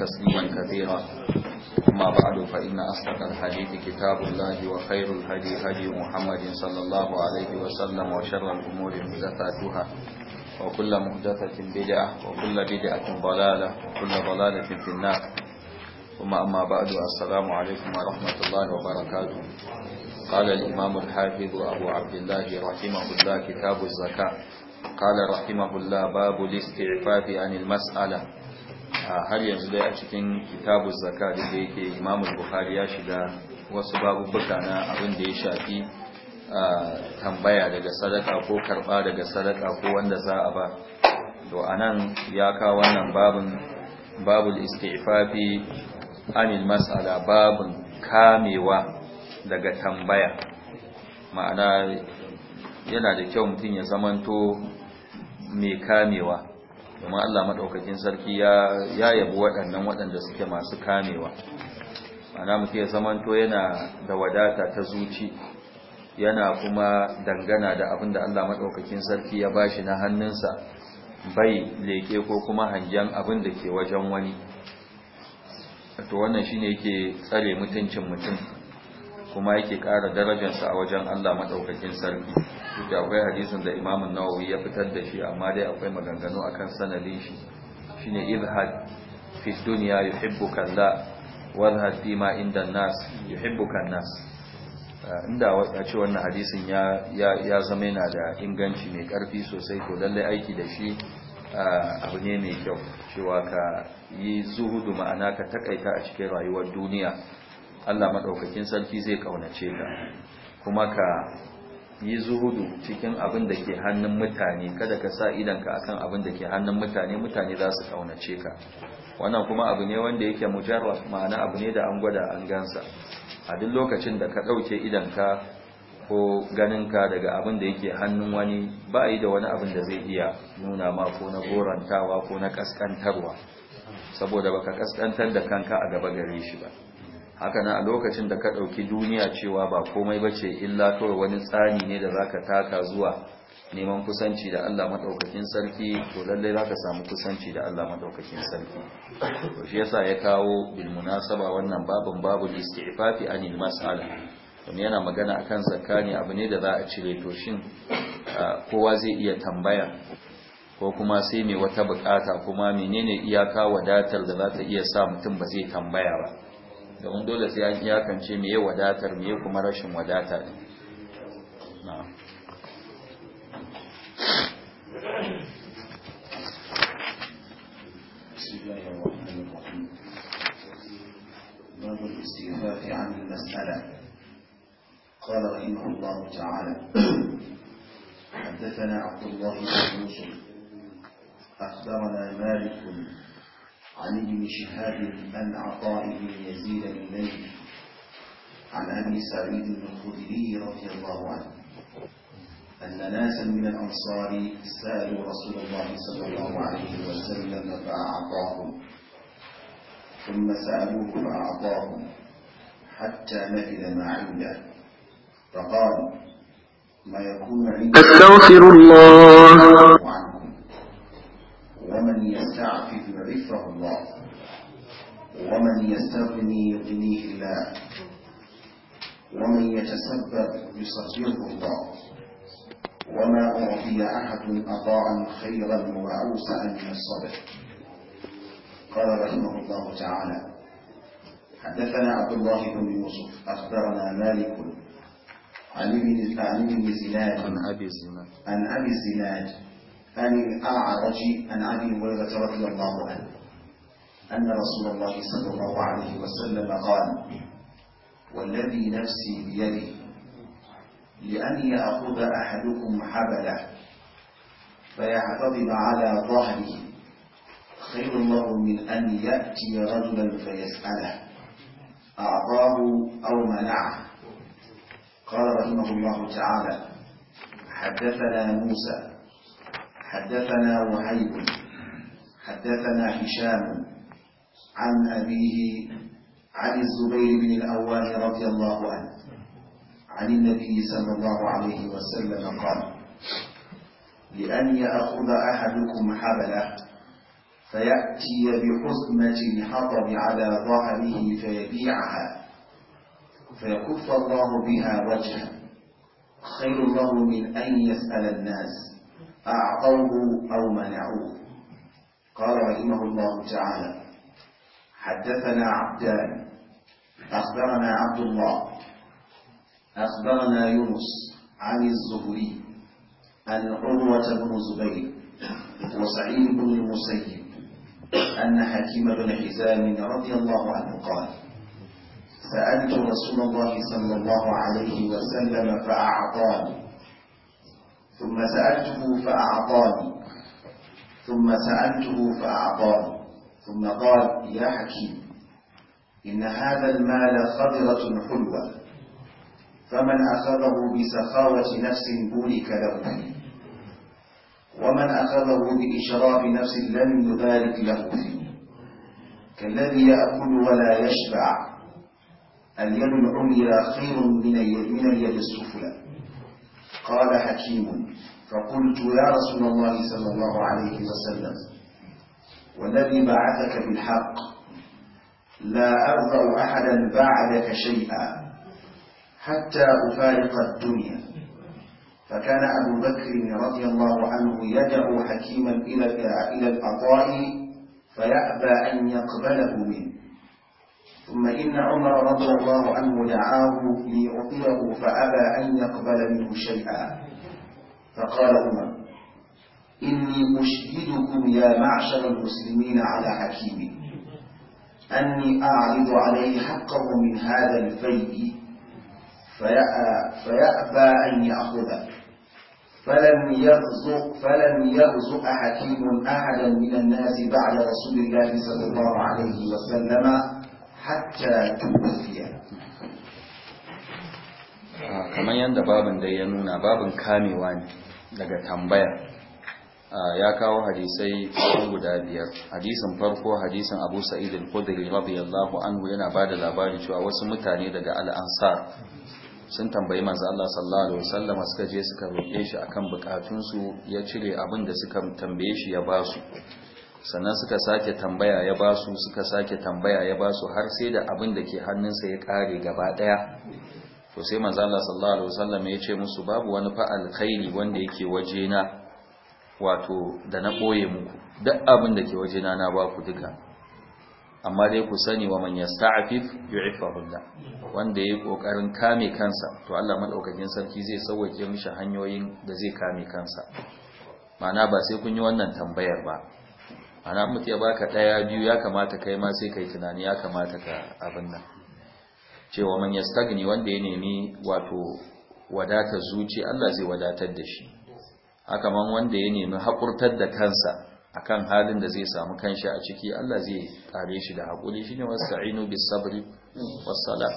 تسليما كثيرا أما بعد فإن أصدق الحديث كتاب الله وخير الهدي هدي محمد صلى الله عليه وسلم وشر الأمور محدثاتها وكل محدثة بدعة وكل بدعة ضلالة وكل ضلالة في النار ثم أما بعد السلام عليكم ورحمة الله وبركاته قال الإمام الحافظ أبو عبد الله رحمه الله كتاب الزكاة قال رحمه الله باب الاستعفاف عن المسألة har yanzu dai a cikin kitabu zaka da yake imamul Buhari ya shiga wasu babubuka na abin da ya shafi tambaya daga sadaka ko karba daga sadaka ko wanda za a ba to anan ya kawo wannan babun babul istifafi anil mas'ala babun kamewa daga tambaya ma'ana yana da kyau mutum ya zamanto mai kamewa kuma Allah madaukakin sarki ya ya yabo waɗannan waɗanda suke masu kamewa ana muke zaman zamanto yana da wadata ta zuci yana kuma dangana da abin da Allah maɗaukakin sarki ya bashi na hannunsa bai leke ko kuma hangen abin da ke wajen wani to wannan shine yake tsare mutuncin mutum kuma yake ƙara darajarsa a wajen Allah maɗaukakin sarki da akwai hadisin da imamun nawawi ya fitar da shi amma dai akwai maganganu akan sanadin shi shine izhad fi dunya yuhibbuka Allah wadhhad fi ma inda nas yuhibbuka nas eh, inda a ce wannan hadisin ya zama yana da inganci mai karfi sosai ko lallai aiki da shi eh, abu ne mai kyau cewa ka yi zuhudu ma'ana ka takaita a cikin rayuwar duniya Allah maɗaukakin sarki zai ƙaunace ka kuma ka yi zuhudu cikin abin da ke hannun mutane kada ka sa idanka akan abin da ke hannun mutane mutane za su kaunace ka wannan kuma abu ne wanda yake mujarrad ma'ana abu ne da an gwada an gansa a duk lokacin da ka ɗauke idanka ko ganinka daga abin da yake hannun wani ba yi da wani abin da zai iya nuna ma ko na gorantawa ko na kaskantarwa saboda baka kaskantar da kanka a gaba gare shi ba haka na a lokacin da ka ɗauki duniya cewa ba komai ba ce illa to wani tsani ne da za ka taka zuwa neman kusanci da Allah maɗaukakin sarki to lallai za ka samu kusanci da Allah maɗaukakin sarki shi yasa ya kawo munasaba wannan babun babu istifafi anil mas'ala domin yana magana akan zakka abu ne da za a cire to shin kowa zai iya tambaya ko kuma sai mai wata bukata kuma menene iyaka wadatar da za ta iya sa mutum ba zai tambaya ba domin dole sai an iyakance meye wadatar meye kuma rashin wadata ne باب الاستغفاف عن المسألة قال رحمه الله تعالى حدثنا عبد الله بن يوسف أخبرنا مالك عن ابن شهاب عن عطاء بن يزيد بن ليث عن أبي سعيد الخدري رضي الله عنه أن ناسا من الأنصار سألوا رسول الله صلى الله عليه وسلم فأعطاهم ثم سألوه فأعطاهم حتى نفذ ما عنده فقال ما يكون عندك أستغفر الله ومن يستعفف يعرفه الله ومن يستغني يغنيه الله ومن يتسبب يصبره الله وما أعطي أحد أطاعا خيرا وعوسا من الصبر قال رحمه الله تعالى حدثنا عبد الله بن يوسف أخبرنا مالك عن ابن زناد عن أبي الزناد الأعرج عن أبي هريرة رضي الله عنه أن رسول الله صلى الله عليه وسلم قال والذي نفسي بيده لأن يأخذ أحدكم حبله فيعتضب على ظهره خير الله من أن يأتي رجلا فيسأله أعطاه أو منعه قال رحمه الله تعالى حدثنا موسى حدثنا وهيب حدثنا هشام عن أبيه عن الزبير بن الأواه رضي الله عنه عن النبي صلى الله عليه وسلم قال لأن يأخذ أحدكم حبله فيأتي بحزمة الحطب على ظهره فيبيعها فيكف الله بها وجهه خير له من أن يسأل الناس أعطوه أو منعوه قال رحمه الله تعالى حدثنا عبدان أخبرنا عبد الله أخبرنا يونس عن الزهري أن عروة بن زبير وسعيد بن المسيب أن حكيم بن حزام رضي الله عنه قال سألت رسول الله صلى الله عليه وسلم فأعطاني ثم سألته فأعطاني ثم سألته فأعطاني ثم قال يا حكيم إن هذا المال خضرة حلوة فمن أخذه بسخاوة نفس بورك له ومن أخذه بإشراف نفس لم يبارك له فيه كالذي يأكل ولا يشبع اليد العليا خير من اليد السفلى قال حكيم فقلت يا رسول الله صلى الله عليه وسلم والذي بعثك بالحق لا أرضى أحدا بعدك شيئا حتى أفارق الدنيا فكان أبو بكر رضي الله عنه يدعو حكيما إلى العطاء فيأبى أن يقبله منه ثم إن عمر رضي الله عنه دعاه ليعطيه فأبى أن يقبل منه شيئا فقال عمر إني أشهدكم يا معشر المسلمين على حكيم أني أعرض عليه حقه من هذا الفيء فيأبى أن يأخذه فلم يرزق فلم يرزق حكيم أحدا من الناس بعد رسول الله صلى الله عليه وسلم hatta tuwfiya ah, kamar yadda babin da ya nuna babin kamewa ne daga tambaya ah, ya kawo hadisai guda biyar hadisin farko hadisin abu sa'id al-khudri radiyallahu anhu yana bada labarin cewa wasu mutane daga al-ansar sun tambayi manzo Allah sallallahu alaihi wasallam suka je suka roke shi akan bukatunsu ya cire abin da suka tambaye shi ya basu sannan suka sake tambaya ya ba su suka sake tambaya ya ba su har sai da abin da ke hannunsa ya kare gaba daya to sai manzo Allah sallallahu alaihi wasallam ya ce musu babu wani fa'al khairi wanda yake waje na wato da na boye muku duk abin da ke waje na na ba ku duka amma dai ku sani wa man yasta'fif Allah wanda yake kokarin kame kansa to Allah madaukakin sarki zai sauke mishi hanyoyin da zai kame kansa Mana ba sai kun yi wannan tambayar ba ana mutu ya baka daya biyu ya kamata kai ma sai kai tunani ya kamata ka abin nan cewa man yastagni wanda ya nemi wato wadatar zuci Allah zai wadatar da shi haka man wanda ya nemi hakurtar da kansa akan halin da zai samu kanshi a ciki Allah zai kare shi da hakuri shine wasta'inu bis sabri was sala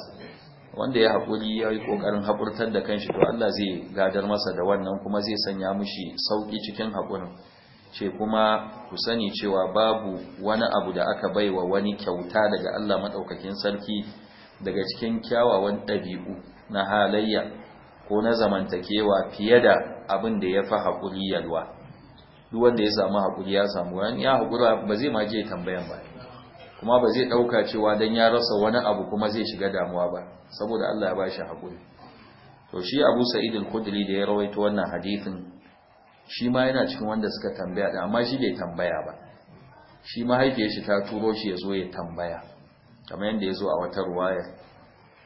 wanda ya hakuri ya yi kokarin hakurtar da kanshi to Allah zai gadar masa da wannan kuma zai sanya mushi sauki cikin hakurin ce kuma ku sani cewa babu wani abu da aka baiwa wani kyauta daga Allah maɗaukakin sarki daga cikin kyawawan ɗabi'u na halayya ko na zamantakewa fiye da abin da ya fi haƙuri yalwa duk wanda ya samu haƙuri ya samu wani ya haƙura ba zai ma je tambayan ba kuma ba zai ɗauka cewa don ya rasa wani abu kuma zai shiga damuwa ba saboda Allah ya ba shi haƙuri to shi abu sa'id al-khudri da ya rawaito wannan hadithin shi ma yana cikin wanda suka tambaya da amma shi bai tambaya ba shi mahaifiyar shi ta turo shi ya zo ya tambaya kamar yadda ya zo a wata ruwaya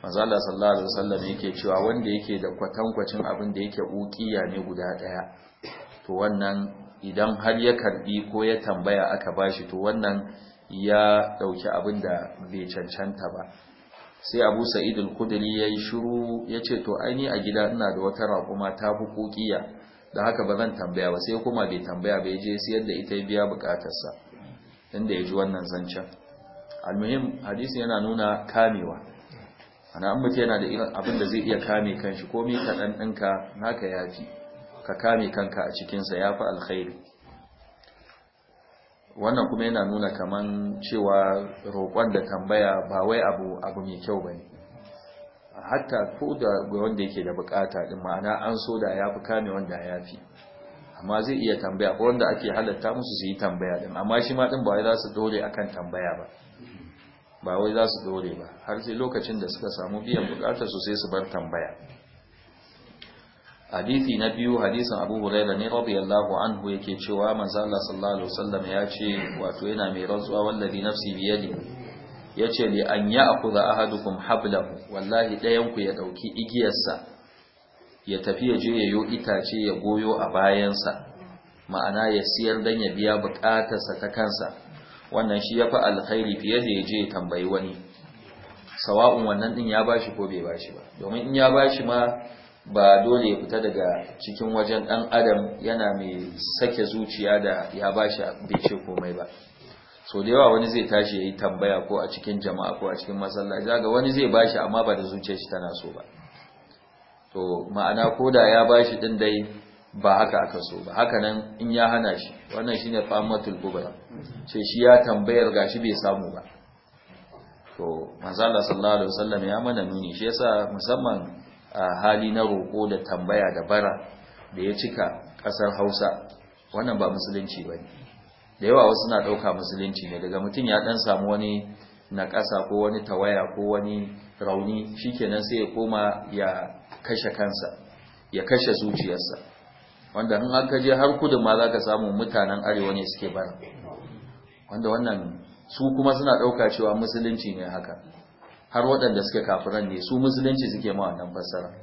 mazala sallallahu alaihi wasallam yake cewa wanda yake da kwatankwacin abin da yake ukiya ne guda daya to wannan idan har ya karbi ko ya tambaya aka bashi to wannan ya dauki abin da bai cancanta ba sai abu sa'id al-khudri yayi shiru yace to ai ni a gida ina da wata raƙuma ta ƙuƙiya. da haka ba zan tambaya ba sai kuma bai tambaya ba ya je siyar da ita biya bukatarsa inda ya ji wannan zancen almuhim hadisi yana nuna kamewa ana an mutu yana da irin abin da zai iya kame kanshi komai ɗan ɗinka naka yafi ka kame kanka a cikinsa ya fi alkhairi wannan kuma yana nuna kaman cewa roƙon da tambaya ba wai abu abu mai kyau ba ne hatta ko da wanda yake da bukata din ma'ana an so da ya fi kame wanda ya fi amma zai iya tambaya ko wanda ake halatta musu su yi tambaya din amma shi ma din ba wai za su dore akan tambaya ba ba wai za su dore ba har sai lokacin da suka samu biyan bukatar su sai su bar tambaya hadisi na biyu hadisin Abu Hurairah ne radiyallahu anhu yake cewa manzo Allah sallallahu alaihi wasallam ya ce wato yana mai rantsuwa wallahi nafsi biyadi Ya yace li an ya'khudha ahadukum hablahu wallahi ɗayanku ya ɗauki igiyarsa ya tafi ya je yayo itace ya goyo a bayansa ma'ana ya siyar dan ya biya bukatarsa ta kansa wannan shi ya yafi alkhairi fiye da ya je ya tambayi wani sawa'un wannan din ya bashi ko bai bashi ba domin in ya bashi ma ba dole ya fita daga cikin wajen ɗan adam yana mai sake zuciya da ya bashi bai ce komai ba so da yawa wani zai tashi ya yi tambaya ko a cikin jama'a ko a cikin masallaci ga wani zai bashi amma ba da zuciyar shi tana so ba to ma'ana ko da ya bashi din dai ba haka aka so ba haka nan in ya hana shi wannan shine famatul kubra ce shi ya tambayar gashi bai samu ba to manzala sallallahu alaihi wasallam ya mana nuni shi yasa musamman a hali na roko da tambaya da bara da ya cika kasar Hausa wannan ba musulunci bane da yawa wasu na ɗauka musulunci ne daga mutum ya ɗan samu wani nakasa, ko wani tawaya ko wani rauni shikenan sai ya koma ya kashe kansa ya kashe zuciyarsa wanda in an kaje har kudu ma za ka samu mutanen arewa ne suke bara wanda wannan su kuma suna ɗauka cewa musulunci ne haka har waɗanda suke kafiran ne su musulunci suke ma wannan fassara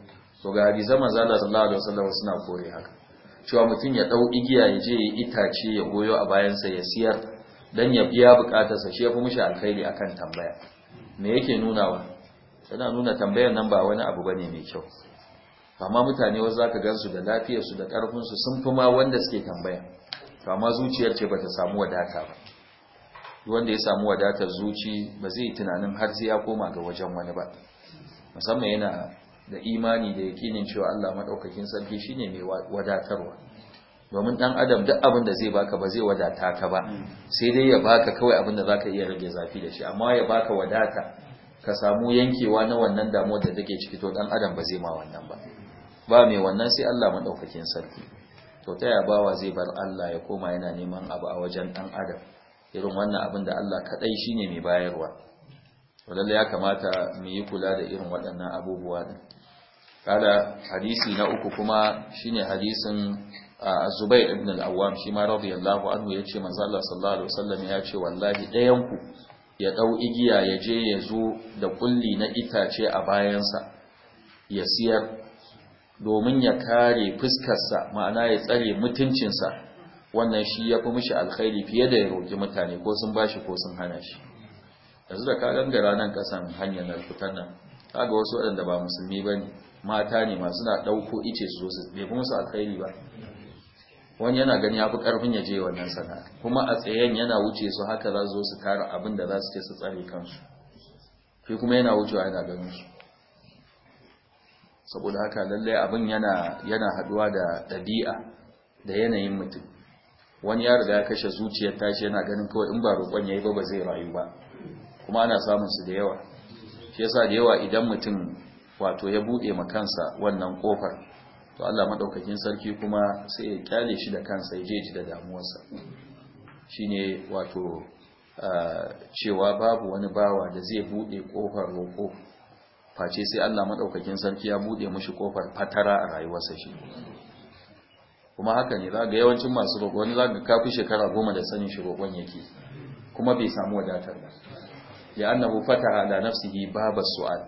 to ga hadisan manzo Allah sallallahu alaihi wasallam suna kore haka cewa mutum ya ɗau igiya ya je ya itace ya goyo a bayan bayansa ya siyar Dan ya biya sa shi ya fi mushi alkhairi akan tambaya me yake nunawa tana nuna tambayar nan ba wani abu bane mai kyau amma mutane wasu zaka gansu da lafiyarsu da ƙarfinsu sun fi ma wanda suke tambaya amma zuciyar ce bata samu wadata ba wanda ya samu wadatar zuci ba zai yi tunanin har sai ya koma ga wajen wani ba musamman yana da imani da yakinin cewa Allah madaukakin sarki shine mai wadatarwa domin dan adam duk abin da zai baka ba zai wadata ka ba hmm. sai dai ya baka kawai abin da zaka iya rage zafi da shi amma ya baka wadata ka samu yankewa na wannan damuwar da take ciki to dan adam ba zai ma wannan ba ba mai wannan sai Allah madaukakin sarki to ta ya bawa zai bar Allah ya koma yana neman abu a wajen dan adam irin wannan abin da Allah kadai shine mai bayarwa to ya kamata mu yi kula da irin waɗannan abubuwa din kada hadisi na uku kuma shine hadisin Zubair ibn al-Awwam shi ma radiyallahu anhu yace manzo Allah sallallahu alaihi wasallam ya ce wallahi ɗayan ku ya dau igiya ya je ya zo da kulli na itace a bayansa ya siyar domin ya kare fuskarsa ma'ana ya tsare mutuncinsa wannan shi ya fi mishi alkhairi fiye da ya roki mutane ko sun bashi ko sun hana shi yanzu da ka gangara nan kasan hanyar na fitar nan kaga wasu waɗanda ba musulmi bane mata ne masu na ɗauko ice su su bai kuma su alkhairi ba wani yana gani ya fi ƙarfin ya je wannan sana'a kuma a tsayen yana wuce su haka za su zo su tara abin da za su ce su tsare kansu shi kuma yana wucewa yana ganin su saboda haka lallai abin yana yana haduwa da ɗabi'a da yanayin mutum wani ya riga ya kashe zuciyar tashi yana ganin kawai in ba roƙon yayi ba ba zai rayu ba kuma ana samun su da yawa shi yasa da yawa idan mutum wato ya buɗe ma kansa wannan ƙofar to Allah maɗaukakin sarki kuma sai ya kyale shi da kansa ya je ji da damuwarsa shine wato cewa babu wani bawa da zai buɗe ƙofar roƙo face sai Allah maɗaukakin sarki ya buɗe mushi ƙofar fatara a rayuwarsa shi kuma haka ne za ga yawancin masu roƙo wani za ga kafi shekara goma da sanin shi roƙon yake kuma bai samu wadatar ba ya annabu fataha da nafsihi baba su'al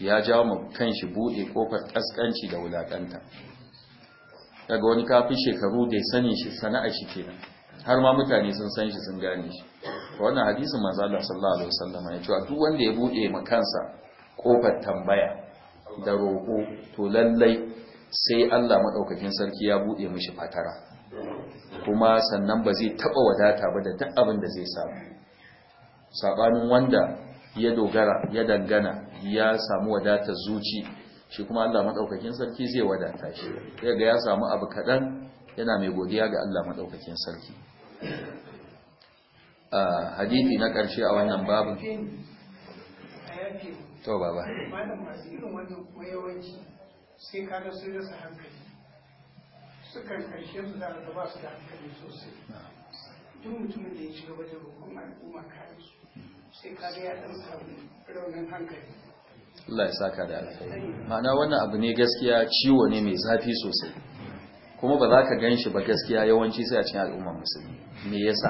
ya jawo mu kanshi bude kofar kaskanci da wulakanta daga wani kafin shekaru da sani shi sana'a shi kenan har ma mutane sun san shi sun gane shi wannan hadisin manzo Allah sallallahu alaihi wasallam ya ce duk wanda ya bude ma kansa kofar tambaya da roko to lallai sai Allah madaukakin sarki ya bude mishi fatara kuma sannan ba zai taba wadata ba da duk abin da zai samu sabanin wanda ya dogara ya dangana ya samu wadatar zuci shi kuma Allah madaukakin sarki zai wadata shi sai ga ya samu abu kadan yana mai godiya ga Allah madaukakin sarki a hadisi na karshe a wannan babu to baba malam masu irin koyawanci sai ka ga su da hankali sukan karshe su da ba su da hankali sosai duk mutumin da ya shiga wajen hukumar al'umma kare su sai ka ga ya ɗan samu raunin hankali Allah ya saka da alkhairi ma'ana wannan abu ne gaskiya ciwo ne mai zafi sosai kuma ba za ka gan shi ba gaskiya yawanci sai a cikin al'ummar musulmi me yasa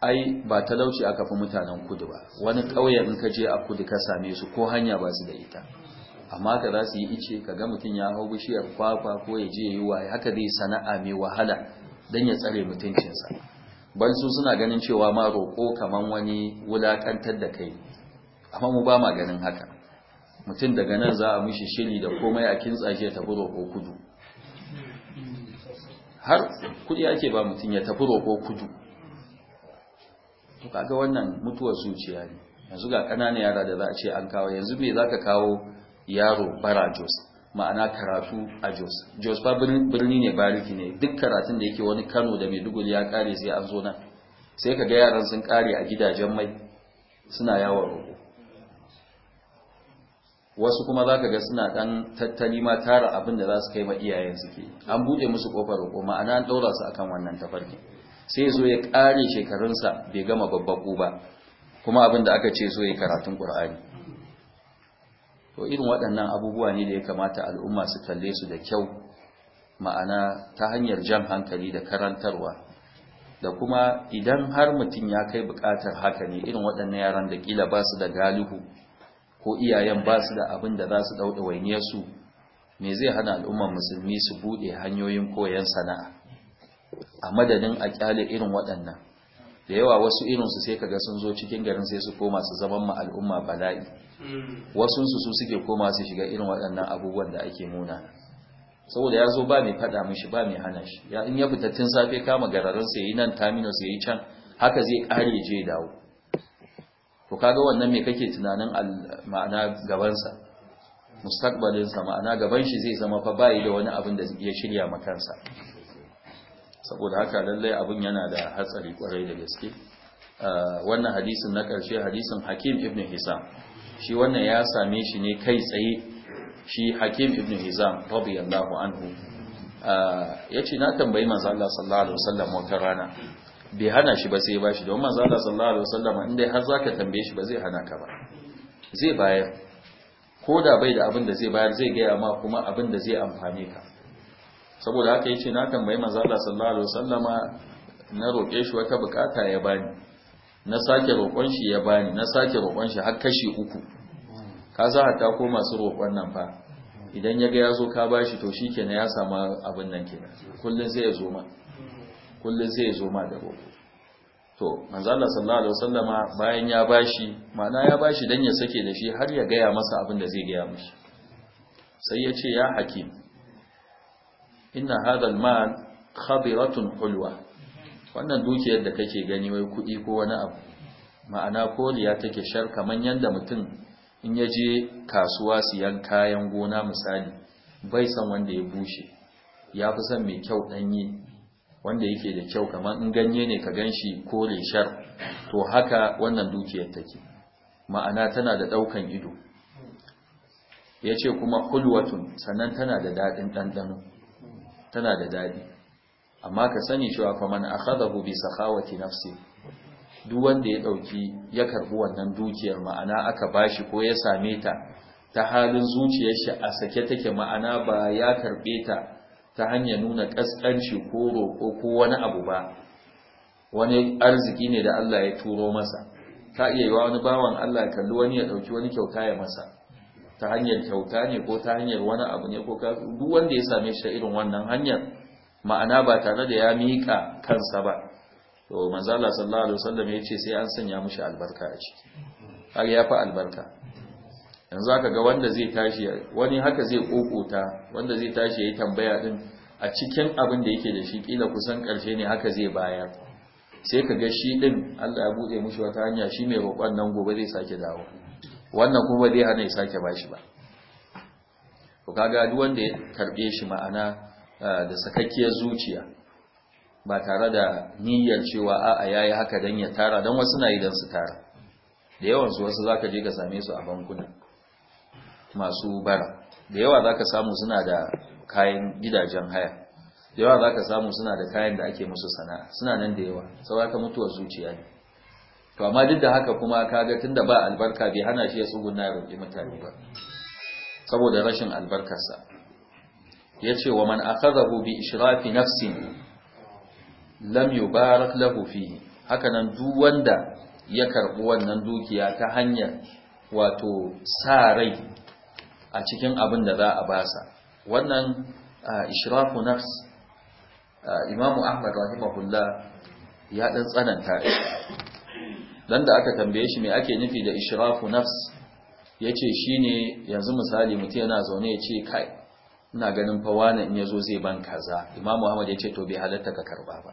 ai ba talauci aka fi mutanen kudu ba wani ƙauye in ka je a kudu ka same su ko hanya ba su da ita amma ka za su yi ice ka ga mutum ya hau bishiyar kwakwa ko ya je yi waye haka zai sana'a mai wahala don ya tsare mutuncinsa ban su suna ganin cewa ma roƙo kaman wani wulaƙantar da kai amma mu ba ma ganin haka mutum daga nan za a mishi shiri da komai a kintsa shi ya tafi roƙo kudu har kudi ake ba mutum ya tafi roƙo kudu to kaga wannan mutuwar zuciya ne yanzu ga ƙananan yara da za a ce an kawo yanzu me zaka kawo yaro bara jos ma'ana karatu a jos jos ba birni ne bariki ne duk karatun da yake wani kano da mai maiduguri ya kare sai an zo nan sai ka ga yaran sun kare a gidajen mai suna yawon roƙo wasu kuma za ka ga suna ɗan tattali ma tara abin da za su kai ma iyayen suke an buɗe musu ƙofar roƙo ma'ana an ɗaura su akan wannan tafarki sai zo ya ƙare shekarunsa bai gama babba ba kuma abin da aka ce zo ya karatun ƙur'ani to irin waɗannan abubuwa ne da ya kamata al'umma su kalle su da kyau ma'ana ta hanyar jan hankali da karantarwa da kuma idan har mutum ya kai buƙatar haka ne irin waɗannan yaran da kila ba su da galihu ko iyayen ba su da abin da za su ɗauɗa wainiyarsu me zai hana al'ummar musulmi su buɗe hanyoyin koyon sana'a a madadin a ƙyale irin waɗannan da yawa wasu irinsu sai kaga sun zo cikin garin sai su koma su zaman ma al'umma bala'i wasunsu su suke koma su shiga irin waɗannan abubuwan da ake nuna saboda ya zo ba mai faɗa mishi ba mai hana shi ya in ya fita tun safe kama gararin sai yi nan terminus ya yi can haka zai ƙare je dawo to kaga wannan me kake tunanin ma'ana gabansa mustaqbalinsa ma'ana gaban shi zai zama fa bai da wani abin da ya shirya makansa saboda haka lallai abin yana da hatsari kwarai da gaske ah, wannan hadisin na karshe hadisin hakim ibn hisam shi wannan ya same shi ne kai tsaye shi hakim ibn hizam radiyallahu anhu ah, ya ce na tambayi manzo Allah sallallahu alaihi wasallam wata rana bai hana shi ba sai ba shi don da sallallahu alaihi wasallam in har zaka tambaye shi ba zai hana ka ba zai bayar ko da bai da abin da zai bayar zai gaya ma kuma abin da zai amfane ka saboda haka yace na tambayi manzo da sallallahu alaihi wasallama na roƙe shi wata bukata ya bani na sake roƙon shi ya bani na sake roƙon shi har kashi uku ka za ta ko masu roƙon nan fa idan ya ga ya zo ka bashi to shikenan ya samu abin nan kenan kullun sai ya zo ma kullum zai zo ma da roƙo to manzala sallallahu alaihi wasallama bayan ya bashi ma'ana ya bashi dan ya sake da shi har ya gaya masa abin da zai gaya mishi sai ya ce ya hakim inna hadha al-mal khabiratun wannan dukiyar da kake gani wai kuɗi ko wani abu ma'ana koriya take shar kaman yanda mutum in ya je kasuwa siyan kayan gona misali bai san wanda ya bushe ya fi son mai kyau ɗanye wanda yake da kyau kamar in ganye ne ka ganshi kore shar to haka wannan dukiyar take ma'ana tana da daukan ido yace kuma hulwatun sannan tana da dadin dandano tana da dadi amma ka sani cewa fa man akhadahu bi sakhawati nafsi duk wanda ya dauki ya karbi wannan dukiyar ma'ana aka bashi ko ya same ta ta halin zuciyar shi a sake take ma'ana ba ya karbe ta ta hanyar nuna ƙasƙanci ko roƙo ko wani abu ba wani arziki ne da Allah ya turo masa ta iya yiwa wani bawan Allah kalli wani ya ɗauki wani kyauta ya masa ta hanyar kyauta ne ko ta hanyar wani abu ne ko duk wanda ya same shi ta irin wannan hanyar ma'ana ba tare da ya miƙa kansa ba to manzo Allah sallallahu alaihi wasallam ya ce sai an sanya mishi albarka a ciki har ya fa albarka yanzu aka ga wanda zai tashi wani haka zai kokota wanda zai tashi ya yi tambaya din a cikin abin da yake da shi kila kusan karshe ne haka zai bayar sai ka ga shi din Allah ya bude mushi wata hanya shi mai roƙon nan gobe zai sake dawo wannan kuma zai hana ya sake bashi ba to kaga duk wanda ya karbe shi ma'ana da sakakkiyar zuciya ba tare da niyyar cewa a'a yayi haka dan ya tara dan wasu na yi dan su tara da yawan su wasu zaka je ka same su a bankuna masu bara da yawa za ka samu suna da kayan gidajen haya da yawa za ka samu suna da kayan da ake musu sana'a suna nan da yawa saboda mutuwa zuciya ne to amma duk da haka kuma ka tun tunda ba albarka bai hana shi ya tsuguna ya roƙi mutane ba saboda rashin albarkarsa Ya ce wa man akhadahu bi ishrafi nafsin lam yubarak lahu fihi haka nan duk wanda ya karɓi wannan dukiya ta hanyar wato sa rai a cikin abin da za a basa wannan ishraku nafs imamu ahmad rahimahullah ya dan tsananta dan da aka tambaye shi me ake nufi da ishrafu nafs yace shine yanzu misali mutum yana zaune ya ce kai ina ganin fawana in yazo zai ban kaza imamu ahmad yace to bai halatta ka karba ba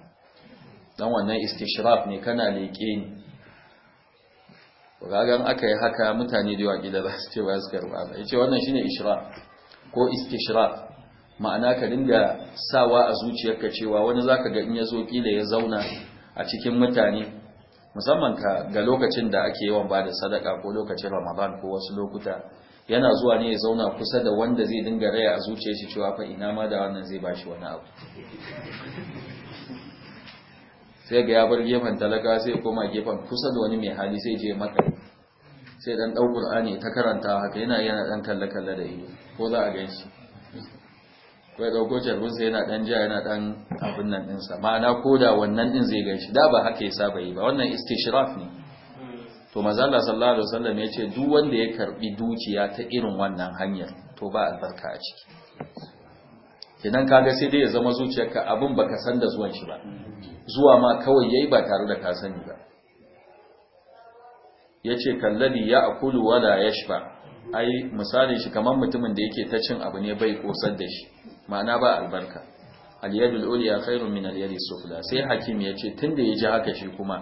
dan wannan istishraf ne kana leke ni ragan aka yi haka mutane da yawa gida za su ce ba su karba ya ce wannan shi ne Ishira ko istishraf ma'ana ka dinga sawa a zuciyarka cewa wani zaka ga in ya zo kila ya zauna a cikin mutane musamman ka ga lokacin da ake yawan ba da sadaka ko lokacin ramadan ko wasu lokuta yana zuwa ne ya zauna kusa da wanda zai dinga raya a zuciyar shi cewa fa ina ma da wannan zai bashi wani abu sai ga ya bar gefen talaka sai koma gefen kusa da wani mai hali sai je maka sai dan dau qur'ani ta karanta haka yana yana dan kalle kalle da ido ko za a ganshi ko ya dauko jarbin sai yana dan ja yana dan abin nan din sa ma'ana koda wannan din zai ganshi da ba haka ya saba yi ba wannan istishraf ne to manzo Allah sallallahu alaihi wasallam ya ce duk wanda ya karbi dukiya ta irin wannan hanyar to ba albarka a ciki kenan kaga sai dai ya zama zuciyarka abin baka san da zuwan shi ba zuwa ma kawai yayi ba tare da ka sani ba yace kalladi ya akulu wala yashba ai misalin shi kaman mutumin da yake ta cin abu ne bai kosar da shi ma'ana ba albarka aliyadul uliya khairun min aliyadi sufla sai hakim yace tunda ya ji haka shi kuma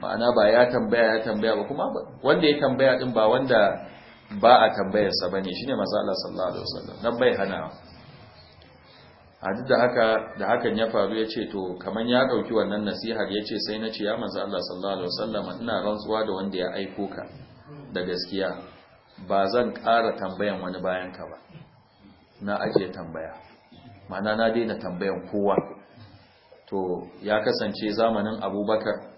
ma'ana ba ya tambaya ya tambaya ba kuma wanda ya tambaya din ba wanda ba a tambayarsa bane shine manzo Allah sallallahu alaihi wasallam dan bai hana a da haka da hakan ya faru ya ce to kamar ya ɗauki wannan nasihar ya ce sai na ce ya manzo Allah sallallahu alaihi wasallam ina rantsuwa da wanda ya aiko ka da gaskiya ba zan ƙara tambayan wani bayan ka ba na ajiye tambaya mana na daina tambayan kowa to ya kasance zamanin abubakar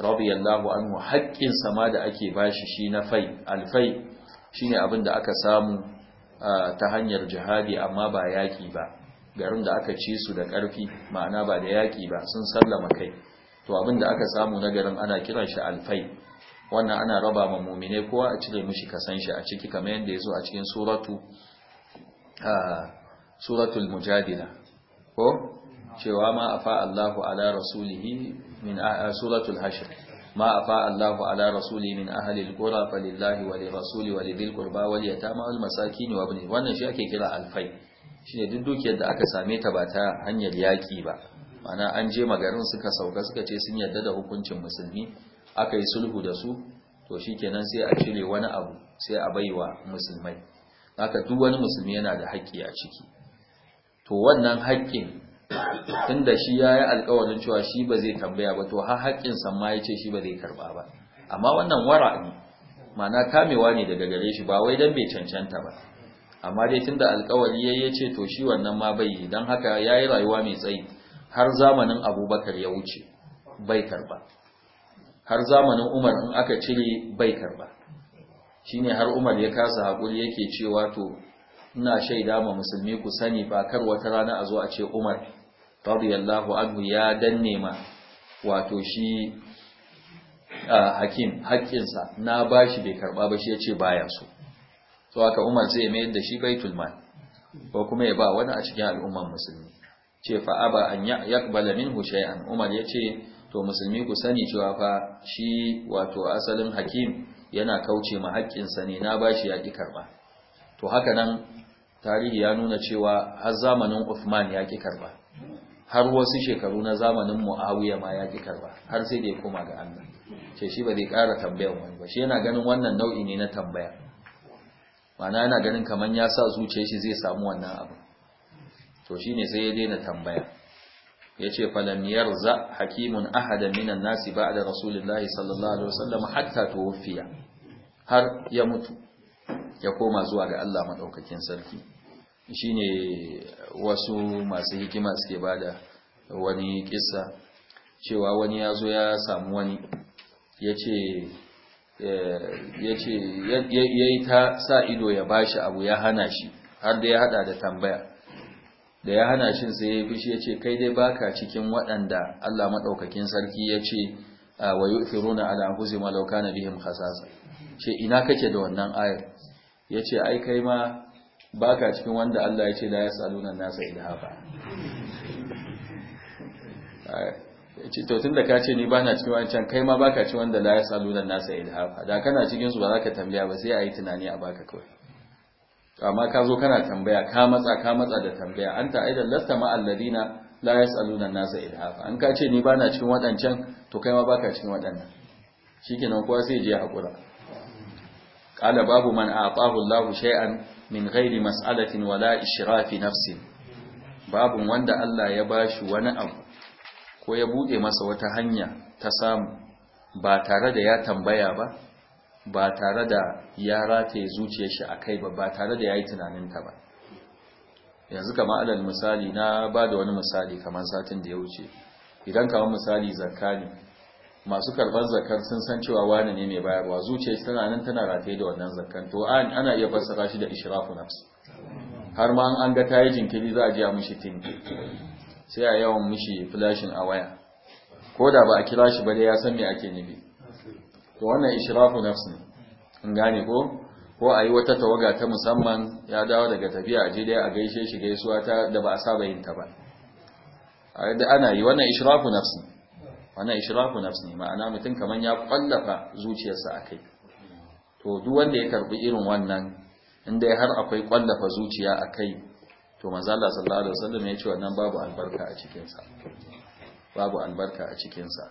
radiyallahu anhu haƙƙin sama da ake bashi shi na fai alfai shine abin da aka samu ah, ta hanyar jihadi amma ba yaƙi ba garin da aka ci su da ƙarfi ma'ana ba da yaƙi ba sun sallama kai to abin da aka samu na garin ana kiran shi alfai wannan ana raba ma mumine kowa a cire mishi kasan shi a ciki kamar yadda ya zo a cikin suratu suratul mujadila ko cewa ma afa Allahu ala rasulihi min a suratul hashr ma afa Allahu ala rasulihi min ahli alqura falillahi wa lirasuli wa lidhil qurba wal yatama wal masakin wa ibni wannan shi ake kira alfai shine duk dukiyar da aka same ta ba ta hanyar yaƙi ba mana an je magarin suka sauka suka ce sun yarda da hukuncin musulmi aka yi sulhu da su to shi kenan sai a cire wani abu sai a baiwa musulmai haka duk wani musulmi yana da haƙƙi a ciki to wannan haƙƙin tunda shi ya yi alƙawarin cewa shi ba zai tambaya ba to har haƙƙin san ma ya ce shi ba zai karɓa ba amma wannan wara ne ma'ana kamewa ne daga gare shi ba wai dan bai cancanta ba amma dai tunda alkawari yayi ce to shi wannan ma bai yi dan haka yayi rayuwa mai tsayi har zamanin Abubakar ya wuce bai karba har zamanin Umar in aka cire bai karba shine har Umar ya kasa hakuri yake cewa to ina shaida ma musulmi ku sani ba kar wata rana a zo a ce Umar radiyallahu anhu ya danne ma wato shi ah, hakim haƙƙinsa na bashi bai karba ba shi yace baya so so haka Umar zai mayar da shi baitul mal ko kuma ya ba wani a cikin al'umman musulmi ce fa aba an yakbala minhu shay'an Umar yace to musulmi ku sani cewa fa shi wato asalin hakim yana kauce ma haƙƙin sa ne na bashi ya ki karba to haka nan tarihi ya nuna cewa har zamanin Uthman ya ki karba har wasu shekaru na zamanin Muawiya ma ya ki karba har sai da ya koma ga Allah ce shi ba zai ƙara tambayar wani ba shi yana ganin wannan nau'i ne na tambaya mana yana ganin kamar ya sa zuciyar shi zai samu wannan abu to shine sai ya daina tambaya yace falam yarza hakimun ahada minan nasi ba'da rasulillahi sallallahu alaihi wasallam hatta tuwfiya har ya mutu ya koma zuwa ga Allah madaukakin sarki shine wasu masu hikima suke bada wani kissa cewa wani yazo ya samu wani yace Eh, ya ce ya yi ta sa ido ya bashi abu ya hana shi har da ya hada da tambaya da ya hana shi sai ya yi fushi ya ce kai dai baka cikin waɗanda Allah maɗaukakin sarki ya ce wa yu'thiruna ala anfusihim walau kana bihim khasasa ce ina kake da wannan ayar yace ai kai ma baka cikin wanda Allah ya ce la yasaluna nasa ilhafa to tun da ka ce ni bana cikin wancan kai ma baka ci wanda la yasaluna nasa ilhafa da kana cikin su ba za ka tambaya ba sai ayi tunani a baka kawai amma ka zo kana tambaya ka matsa ka matsa da tambaya anta aidan lasta ma alladina la yasaluna nasa ilhafa an ka ce ni bana cikin wadancan to kai ma baka cikin wadannan shikenan kowa sai je hakura qala babu man a'tahu Allahu shay'an min ghairi mas'alatin wala ishrafi nafsin babun wanda Allah ya bashi wani abu ko ya buɗe masa wata hanya ta samu ba tare da ya tambaya ba ba tare da ya rataye zuciyar shi a kai ba ba tare da ya yi tunaninta ba yanzu kama alal misali na bada wani misali kamar satin da ya wuce idan kamar misali zakka masu karɓar zakar sun san cewa wani ne mai bayarwa zuciyar shi tana nan tana rataye da wannan zakan to ana iya fassara shi da ishrafu nafs har ma an ga tayi jinkiri za a ji a mishi tinki sai a yawan mishi flashin a waya ko da ba a kira shi ba dai ya san me ake nufi to wannan ishrafu nafs ne in gane ko ko a yi wata tawaga ta musamman ya dawo daga tafiya aje dai a gaishe shi gaisuwa ta da ba a saba yin ta ba a yadda ana yi wannan ishrafu nafs ne wannan ishrafu nafs ne ma'ana mutum kaman ya kwallafa zuciyarsa akai to duk wanda ya karbi irin wannan in dai har akwai kwallafa zuciya akai to manzo Allah sallallahu alaihi wasallam ya ce wannan babu albarka a cikin sa babu albarka a cikin sa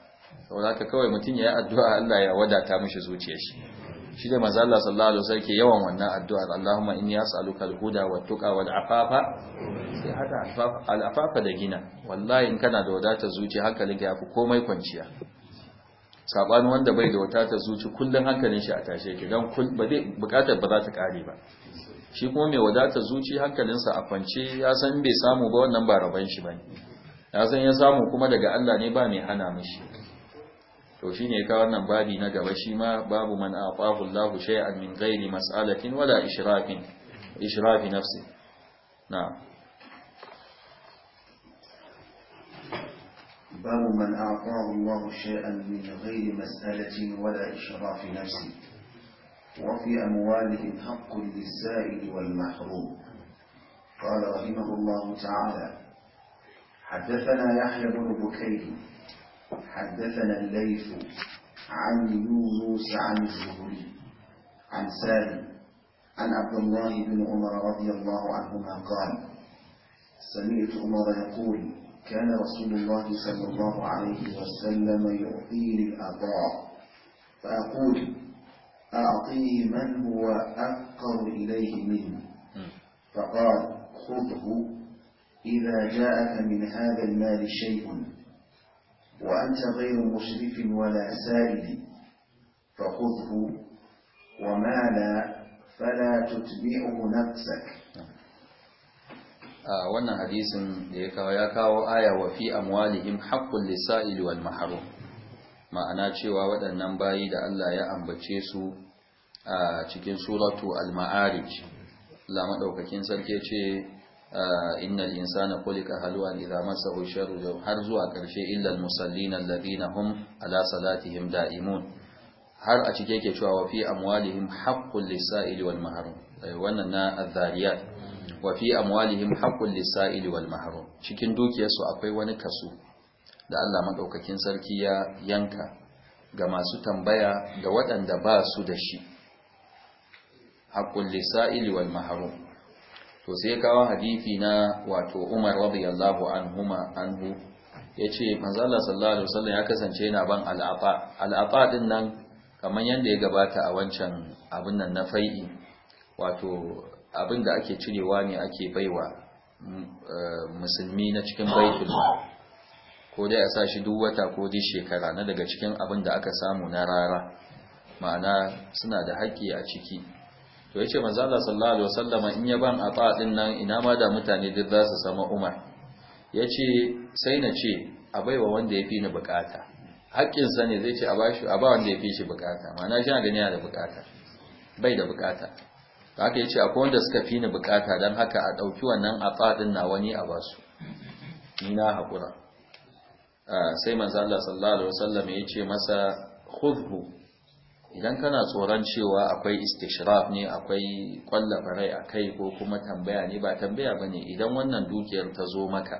saboda haka kawai mutun yi addu'a Allah ya wadata mishi zuciyar shi shi da manzo Allah sallallahu alaihi wasallam ke yawan wannan addu'a Allahumma inni as'aluka al-huda wa tuqa al afafa sai hada al-afafa da gina wallahi in kana da wadatar zuciya hankalinka yafi komai kwanciya sabanin wanda bai da wadatar zuci kullun hankalin shi a tashe ke, dan kul ba zai bukatar ba za ta kare ba shi kuma mai wadata zuci hankalinsa a kwance ya san bai samu ba wannan ba raban shi ba ya san ya samu kuma daga Allah ne ba mai hana mishi to shi ne ka wannan babi na gaba shi ma babu man aqahu Allahu shay'an min ghairi mas'alatin wala ishrafin ishrafi nafsi na'am باب من أعطاه الله shay'an min ghairi mas'alatin wala ishrafi nafsi وفي أموالهم حق للسائل والمحروم قال رحمه الله تعالى حدثنا يحيى بن بكير حدثنا الليث عن يونس عن الزهري عن سالم عن عبد الله بن عمر رضي الله عنهما قال سمعت عمر يقول كان رسول الله صلى الله عليه وسلم يعطيني العطاء فأقول أعطني من هو أفقر إليه مني فقال خذه إذا جاءك من هذا المال شيء وأنت غير مشرف ولا سائل فخذه وما لا فلا تتبعه نفسك wannan hadisin da ya kawo ya kawo aya wa fi amwalihim haqqul lisa'il wal mahrum ma'ana cewa waɗannan bayi da Allah ya ambace su a cikin suratu al-ma'arij la madaukakin sarki ce innal insana khuliqa halu'an idza massahu sharru har zuwa karshe illal musallina alladhina hum ala salatihim da'imun har a cike yake cewa fi amwalihim haqqul lis wal mahrum wannan na a zariya. wa fi amwalihim haqqul lis eh, wal mahrum cikin dukiyarsu akwai wani kaso da Allah madaukakin sarki ya yanka ga masu tambaya ga waɗanda ba su da shi haqqul lisa'ili wal mahrum to sai kawo hadisi na wato Umar radiyallahu anhuma anhu yace manzo Allah sallallahu alaihi wasallam ya kasance yana ban al'afa al'afa din nan kamar yadda ya gabata a wancan abin nan na fai'i wato abin da ake cirewa ne ake baiwa mm, eh, musulmi na cikin baitul ko dai a sa shi duk wata ko dai shekara na daga cikin abin da aka samu na rara ma'ana suna da haƙƙi a ciki to yace manzo Allah sallallahu alaihi wasallam in ya ban afa din nan ina ma da mutane duk za su sama Umar yace sai na ce a baiwa wanda ya fi ni bukata haƙƙin sa ne zai ce a bashi a ba wanda ya fi shi bukata ma'ana shi ga gani yana da bukata bai da bukata to haka yace akwai wanda suka fi ni bukata dan haka a dauki wannan afa din na wani a basu Ina haƙura. hakura Ah, sai manzo Allah sallallahu alaihi wasallam ya ce masa khudhu idan kana tsoron cewa akwai istishraf ne akwai kwallaba rai akai ko kuma tambaya ne ba tambaya bane idan wannan dukiyar ta zo maka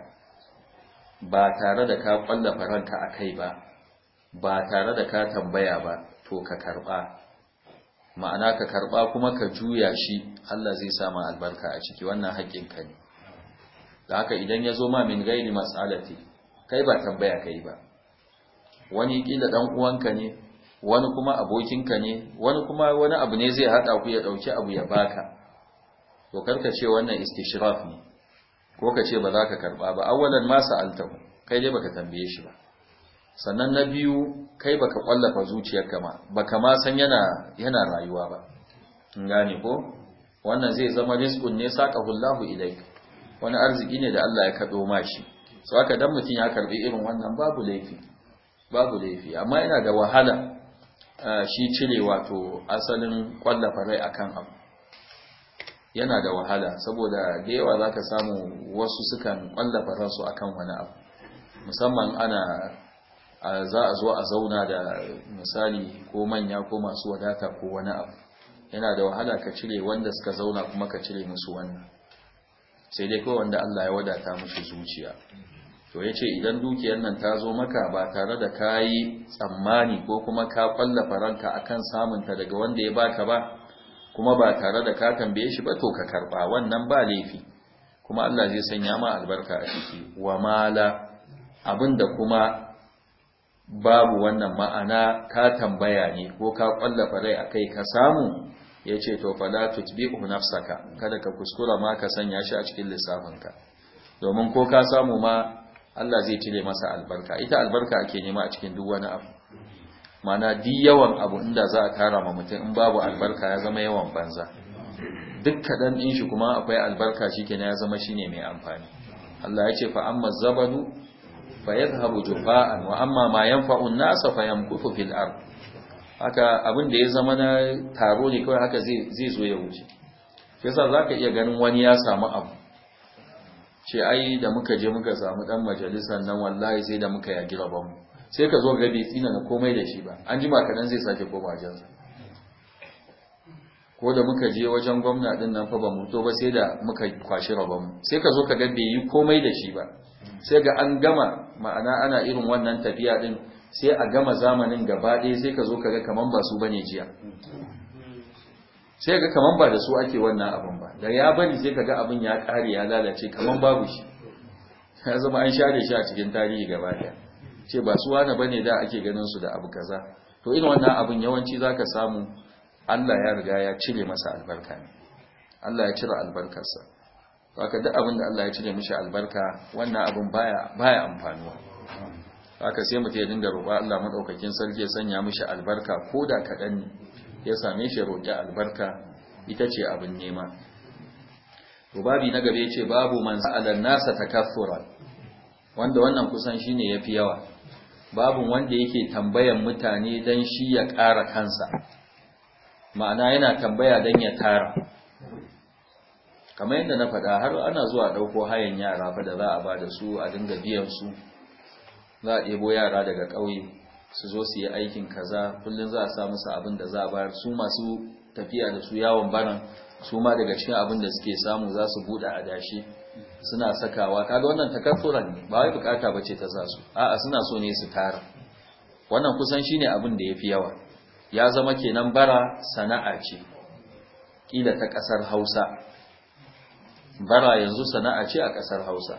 ba tare da ka kwallaba ranka akai ba ba tare da ka tambaya ba to ka karba ma'ana ka karba kuma ka juya shi Allah zai sa ma albarka a ciki wannan haƙƙinka ne da haka idan ya zo ma min gairi mas'alati kai ba tambaya kai ba wani kila dan uwanka ne wani kuma abokinka ne wani kuma wani abu ne zai hada ku ya dauki abu ya baka to karka ce wannan istishraf ne ko ka ce ba za ka karba ba awalan ma sa'altahu kai dai baka tambaye shi ba sannan na biyu kai baka kwallafa zuciyarka ma baka ma san yana yana rayuwa ba Kin gane ko wannan zai zama rizqun ne saqahu Allahu ilaik wani arziki ne da Allah ya kado mashi. shi su haka dan mutum ya karbi irin wannan babu laifi babu laifi amma yana da wahala shi cire wato asalin kwallafa rai akan abu yana da wahala saboda da yawa zaka samu wasu sukan kwallafa ransu akan wani abu musamman ana za a zo a zauna da misali ko manya ko masu wadata ko wani abu yana da wahala ka cire wanda suka zauna kuma ka cire musu wannan sai dai kawai wanda Allah ya wadata mushi zuciya to yace idan dukiyar nan ta zo maka ba tare da kayi tsammani ko kuma ka ƙwallafa ranka akan samun ta daga wanda ya baka ba kuma ba tare da ka tambaye shi ba to ka karba wannan ba laifi kuma Allah zai sanya ma albarka a ciki wa mala abinda kuma babu wannan ma'ana ka tambaya ne ko ka ƙwallafa rai akai ka samu ya ce to fala tutbi'u nafsaka kada ka kuskura ma ka sanya shi a cikin lissafinka domin ko ka samu ma Allah zai cire masa albarka ita albarka ake nema a cikin duk wani abu mana di yawan abu inda za a tara ma mutum in babu albarka ya zama yawan banza duk kadan in shi kuma akwai albarka shi ya zama shine mai amfani Allah ya ce fa amma zabanu fa yadhhabu jufa'an wa amma ma yanfa'u an-nasa fa yamkuthu fil ardh haka abin da ya zama na taro ne kawai haka zai zo ya wuce yasa za ka iya ganin wani ya samu abu ce ai da muka je muka samu dan majalisar nan wallahi sai da muka yagi rabonmu. sai ka zo gabe tsina na komai da shi ba an jima kaɗan zai sake koma jansa ko da muka je wajen gwamna din nan fa ba mu to ba sai da muka kwashi rabon sai ka zo ka ga bai yi komai da shi ba sai ga an gama ma'ana ana irin wannan tafiya din sai a gama zamanin gaba ɗaya sai ka zo ka ga kaman ba su bane jiya sai ga kaman ba da su ake wannan abin ba da ya bari sai ka ga abin ya ƙare ya lalace kaman babu shi ya zama an share shi a cikin tarihi gaba ɗaya ce ba su wani bane da ake ganin su da abu kaza to irin wannan abin yawanci zaka samu Allah ya riga ya cire masa albarka ne Allah ya cire albarkarsa To haka duk abin da Allah ya cire mishi albarka wannan abin baya baya amfanuwa haka sai mutum ya dinga roƙa Allah maɗaukakin sarki ya sanya mishi albarka ko da kaɗan ne ya same shi roƙi albarka ita ce abin nema to na gabe yace babu man sa'ala nasa takaffura wanda wannan kusan shine yafi yawa Babu wanda yake tambayan mutane dan shi ya ƙara kansa ma'ana yana tambaya dan ya tara kamar yadda na faɗa har ana zuwa ɗauko hayan yara fa da za a ba da su a dinga biyan su za a ɗebo yara daga ƙauye su zo su yi aikin kaza kullum za a sa musu abin da za a bayar su masu tafiya da su yawon baran su ma daga cikin abin da suke samu za su buɗe adashi suna sakawa kaga wannan takaffuran ne ba wai bukata bace ta sa su a'a suna so ne su tara wannan kusan shine abin da yafi yawa ya zama kenan bara sana'a ce kila ta kasar Hausa bara yanzu sana'a ce a kasar Hausa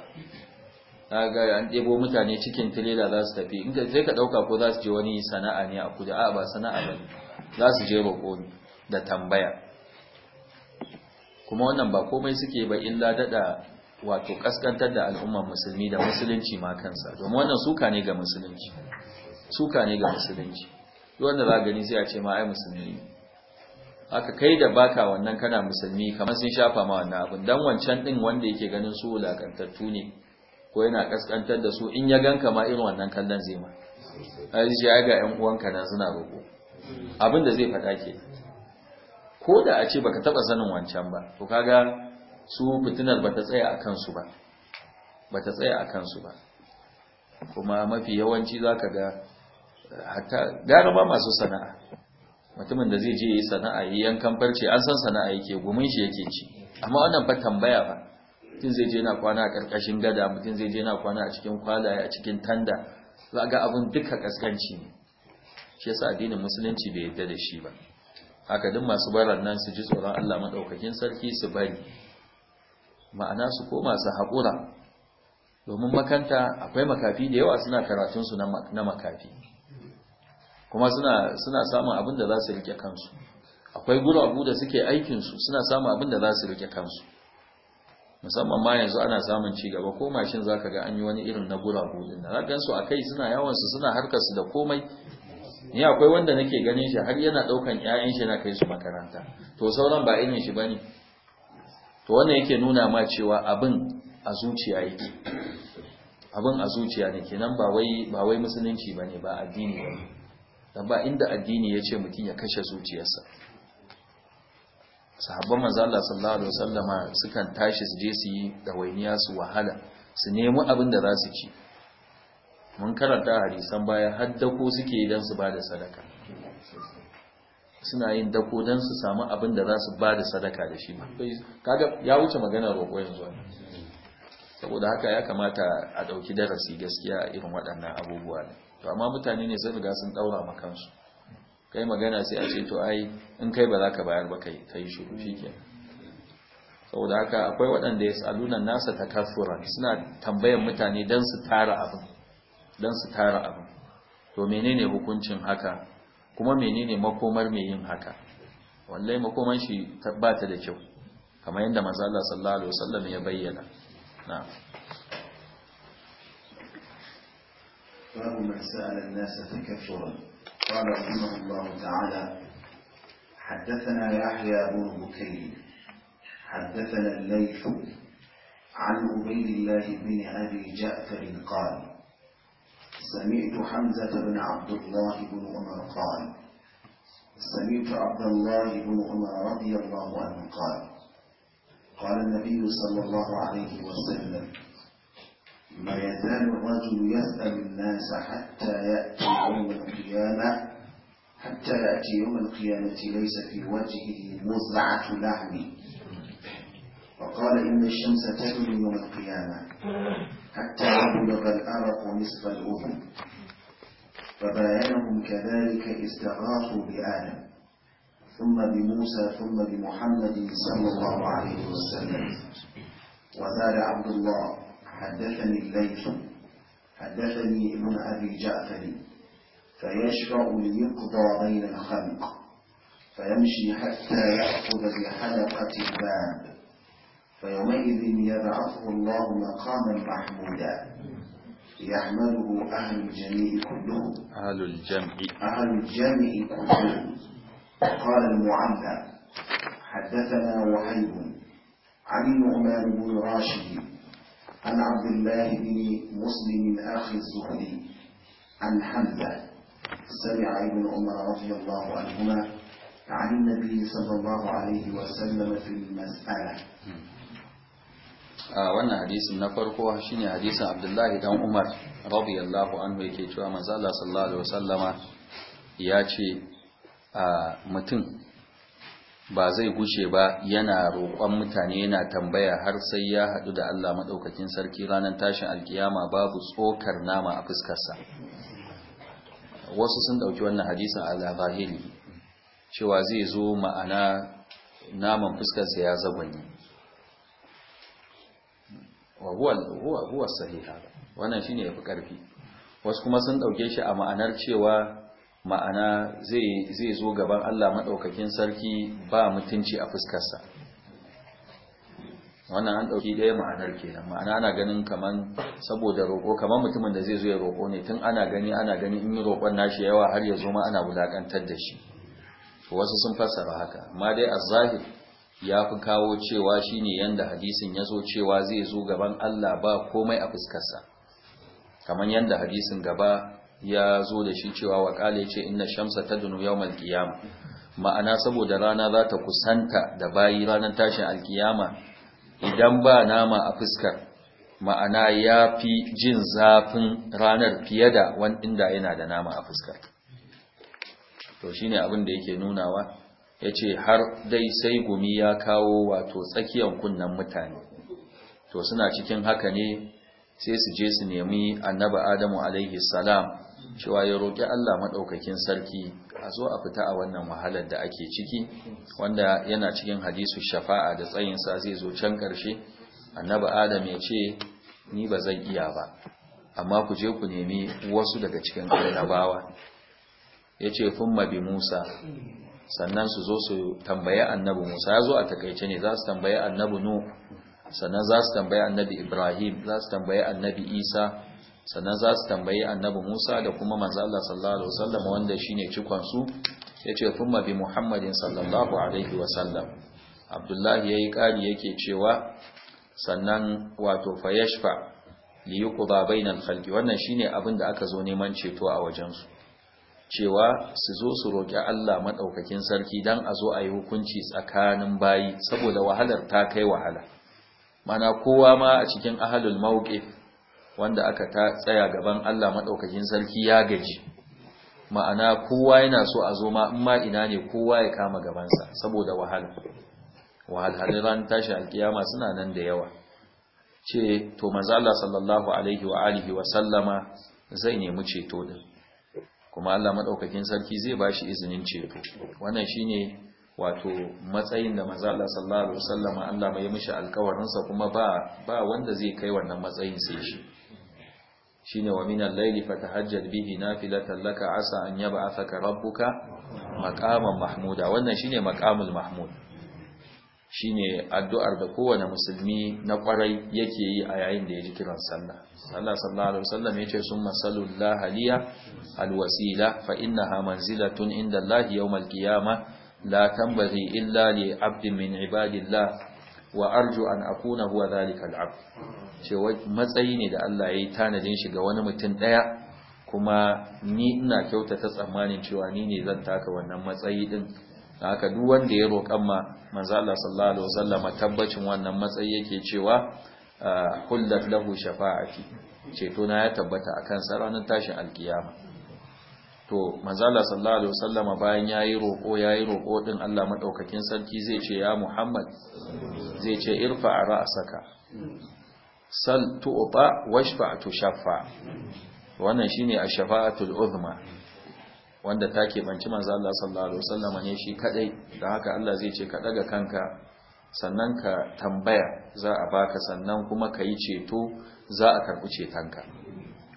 kaga an ɗebo mutane cikin tirela za su tafi in sai ka ɗauka ko za su je wani sana'a ne a kudu a ba sana'a ba za su je ko da tambaya kuma wannan ba komai suke ba illa daɗa wato kaskantar da al'ummar musulmi da musulunci ma kansa domin wannan suka ne ga musulunci suka ne ga musulunci wanda za gani sai a ce ma ai musulmi aka kai da baka wannan kana musulmi kamar sun shafa ma wannan abin dan wancan din wanda yake ganin su wulakantattu ne ko yana kaskantar da su in ya ganka ma irin wannan kallon zai ma An shi ya ga 'yan uwanka na suna roƙo abin da zai faɗa ke ko da a ce baka taɓa sanin wancan ba to kaga su fitinar bata tsaya a kansu ba bata tsaya a kansu ba kuma mafi yawanci za ka ga hatta gara ma masu sana'a mutumin da zai je yi sana'a yi yankan farce an san sana'a yake gumin shi yake ci amma wannan ba tambaya ba mutum zai je na kwana a ƙarƙashin gada mutum zai je na kwana a cikin kwalaye a cikin tanda za ga abin duka ƙasƙanci ne shi yasa addinin musulunci bai yadda da shi ba haka duk masu barar nan su ji tsoron Allah madaukakin sarki su bari ma'ana su koma su haƙura domin makanta akwai makafi da yawa suna karatun su na makafi kuma suna samun abin da za su rike kansu akwai guragu da suke aikin su suna samun abin da za su rike kansu musamman ma yanzu ana samun ci gaba ko mashin zaka ga an yi wani irin na guragu din nan ga su akai suna yawan su suna harkar su da komai ni akwai wanda nake ganin shi har yana daukan ƴaƴan shi na kai su makaranta to sauran ba irin shi bane to wannan yake nuna ma cewa abin a zuciya yake abin a zuciya ne kenan ba wai ba wai musulunci bane ba addini bane dan ba inda addini yace mutum ya kashe zuciyarsa sahabban manzo Allah sallallahu alaihi wasallama sukan tashi su je su yi dawainiya su wahala su nemi abin da za su ci mun karanta hadisan baya har dako suke yi dan su bada sadaka suna yin dako dan su samu abin da za su bada sadaka da shi kaga ya wuce magana roƙo yanzu saboda haka ya kamata a ɗauki darasi gaskiya irin waɗannan abubuwa to amma mutane ne sun riga sun ɗaura ma kansu kai magana sai a ce to ai in kai ba za ka bayar ba kai kai shiru shikenan saboda haka akwai waɗanda ya saluna nasa takassuran suna tambayan mutane dan su tara abin dan su tara abin to menene hukuncin haka kuma menene makomar mai yin haka wallahi makoman shi tabbata da kyau kamar yadda manzo Allah sallallahu alaihi wasallam ya bayyana na babu man nasa قال رحمه الله تعالى حدثنا يحيى بن بكير حدثنا الليث عن عبيد الله بن أبي جعفر قال سمعت حمزة بن عبد الله بن عمر قال سمعت عبد الله بن عمر رضي الله عنه قال قال النبي صلى الله عليه وسلم ما يزال الرجل يسأل الناس حتى يأتي يوم القيامة حتى يأتي يوم القيامة ليس في وجهه مزعة لحم وقال إن الشمس تجري يوم القيامة حتى يبلغ الأرق نصف الأذن فباينهم كذلك استغاثوا بآدم ثم بموسى ثم بمحمد صلى الله عليه وسلم وزاد عبد الله حدثني الليث حدثني ابن أبي جعفر فيشفع ليقضى بين الخلق فيمشي حتى يأخذ بحلقة الباب فيومئذ يبعثه الله مقاما محمودا يحمله أهل الجميع كلهم أهل الجمع أهل الجمع كلهم قال المعلى حدثنا وهيب عن النعمان بن راشد عن عبد الله بن مسلم أخي الزهري عن حمزة سمع ابن عمر رضي الله عنهما عن النبي صلى الله عليه وسلم في المسألة a wannan hadisin na farko shine hadisin Abdullahi dan Umar radiyallahu anhu yake cewa manzo Allah sallallahu alaihi wasallama ya ce mutum ba zai gushe ba yana roƙon mutane yana tambaya har sai ya haɗu da Allah maɗaukakin sarki ranar tashin alkiyama babu tsokar nama a fuskarsa wasu sun ɗauki wannan hadisa a zahiri cewa zai zo ma'ana naman fuskarsa ya zagwanye wa huwa sahiha wannan shine yafi ƙarfi wasu kuma sun ɗauke shi a ma'anar cewa ma'ana zai zo gaban Allah maɗaukakin sarki ba mutunci a fuskarsa wannan an ɗauki ɗaya ma'anar kenan ma'ana ana ganin kaman saboda roƙo kaman mutumin da zai zo ya roƙo ne tun ana gani ana gani in yi roƙon nashi yawa har ya zo ma ana wulaƙantar da shi wasu sun fassara haka amma dai a zahir ya fi kawo cewa shine yanda hadisin ya zo cewa zai zo gaban Allah ba komai a fuskarsa kaman yanda hadisin gaba ya zo da shi cewa waƙala ya ce inna shamsa ta dunu yau malkiyama ma'ana saboda rana za ta kusanta da bayi ranar tashin alkiyama idan ba nama a fuskar ma'ana ya fi jin zafin ranar fiye da wani inda yana da nama a fuskar to shi ne abin da yake nunawa ya ce har dai sai gumi ya kawo wato tsakiyar kunnan mutane to suna cikin haka ne sai su je su nemi annaba adamu alaihi salam cewa ya roƙi Allah maɗaukakin sarki a zo a fita a wannan wahalar da ake ciki wanda yana cikin hadisu shafa'a da tsayinsa zai zo can ƙarshe annabi adam ya ce ni ba zan iya ba amma ku je ku nemi wasu daga cikin annabawa ya ce fun mabi musa sannan su zo su tambaye annabi musa ya zo a takaice ne za su tambaye annabi nu sannan za su tambaye annabi ibrahim za su tambaye annabi isa sannan za su tambayi annabi Musa da kuma manzo Allah sallallahu alaihi wasallam wanda shine cikon su yace thumma bi Muhammadin sallallahu alaihi wasallam Abdullahi yayi kari yake cewa sannan wato fayashfa li yuqda bainal khalqi wannan shine abin da aka zo neman ceto a wajen su cewa su zo su roki Allah madaukakin sarki dan a zo a yi hukunci tsakanin bayi saboda wahalar ta kai wahala mana kowa ma a cikin ahlul mawqif wanda aka tsaya gaban Allah maɗaukakin sarki ya gaji ma'ana kowa yana so a zo ma in ma ina ne kowa ya kama gabansa saboda wahala wahalhalin ran tashi alkiyama suna nan da yawa ce to manzo Allah sallallahu alaihi wa alihi wa sallama zai nemi ceto din kuma Allah madaukakin sarki zai bashi izinin ceto wannan shine wato matsayin da manzo Allah sallallahu alaihi wa sallama Allah mai mishi alƙawarin sa kuma ba ba wanda zai kai wannan matsayin sai shi shine wa minal layli fatahajjad bihi nafilatan laka asa an yab'athaka rabbuka maqaman mahmuda wannan shine maqamul mahmud shine addu'ar da kowane musulmi na kwarai yake yi a yayin da ya ji kiran sallah Allah sallallahu alaihi wasallam yace summa sallallahu aliya alwasila fa innaha manzilatun inda Allah yawmal qiyamah la tanbaghi illa li 'abdin min 'ibadillah wa arju an akuna huwa zalika al'abd cewa matsayi ne da Allah ya yi tanadin shi ga wani mutum daya kuma ni ina kyautata tsammanin cewa ni ne zan taka wannan matsayi din haka duk wanda ya roƙan ma manzo Allah sallallahu alaihi wasallam tabbacin wannan matsayi yake cewa kullat ah, lahu shafa'ati ceto na ya tabbata akan sa ranar tashin alkiyama to manzala sallallahu alaihi wasallam bayan yayi roko yayi roko din Allah madaukakin sarki zai ce ya Muhammad zai ce irfa ra'saka sal tu'ta washfa shafa. wannan shine ash-shafa'atul uzma wanda take banci manzo Allah sallallahu alaihi ne shi kadai dan haka Allah zai ce ka daga kanka sannan ka tambaya za a baka sannan kuma ka yi ceto za a karbi cetonka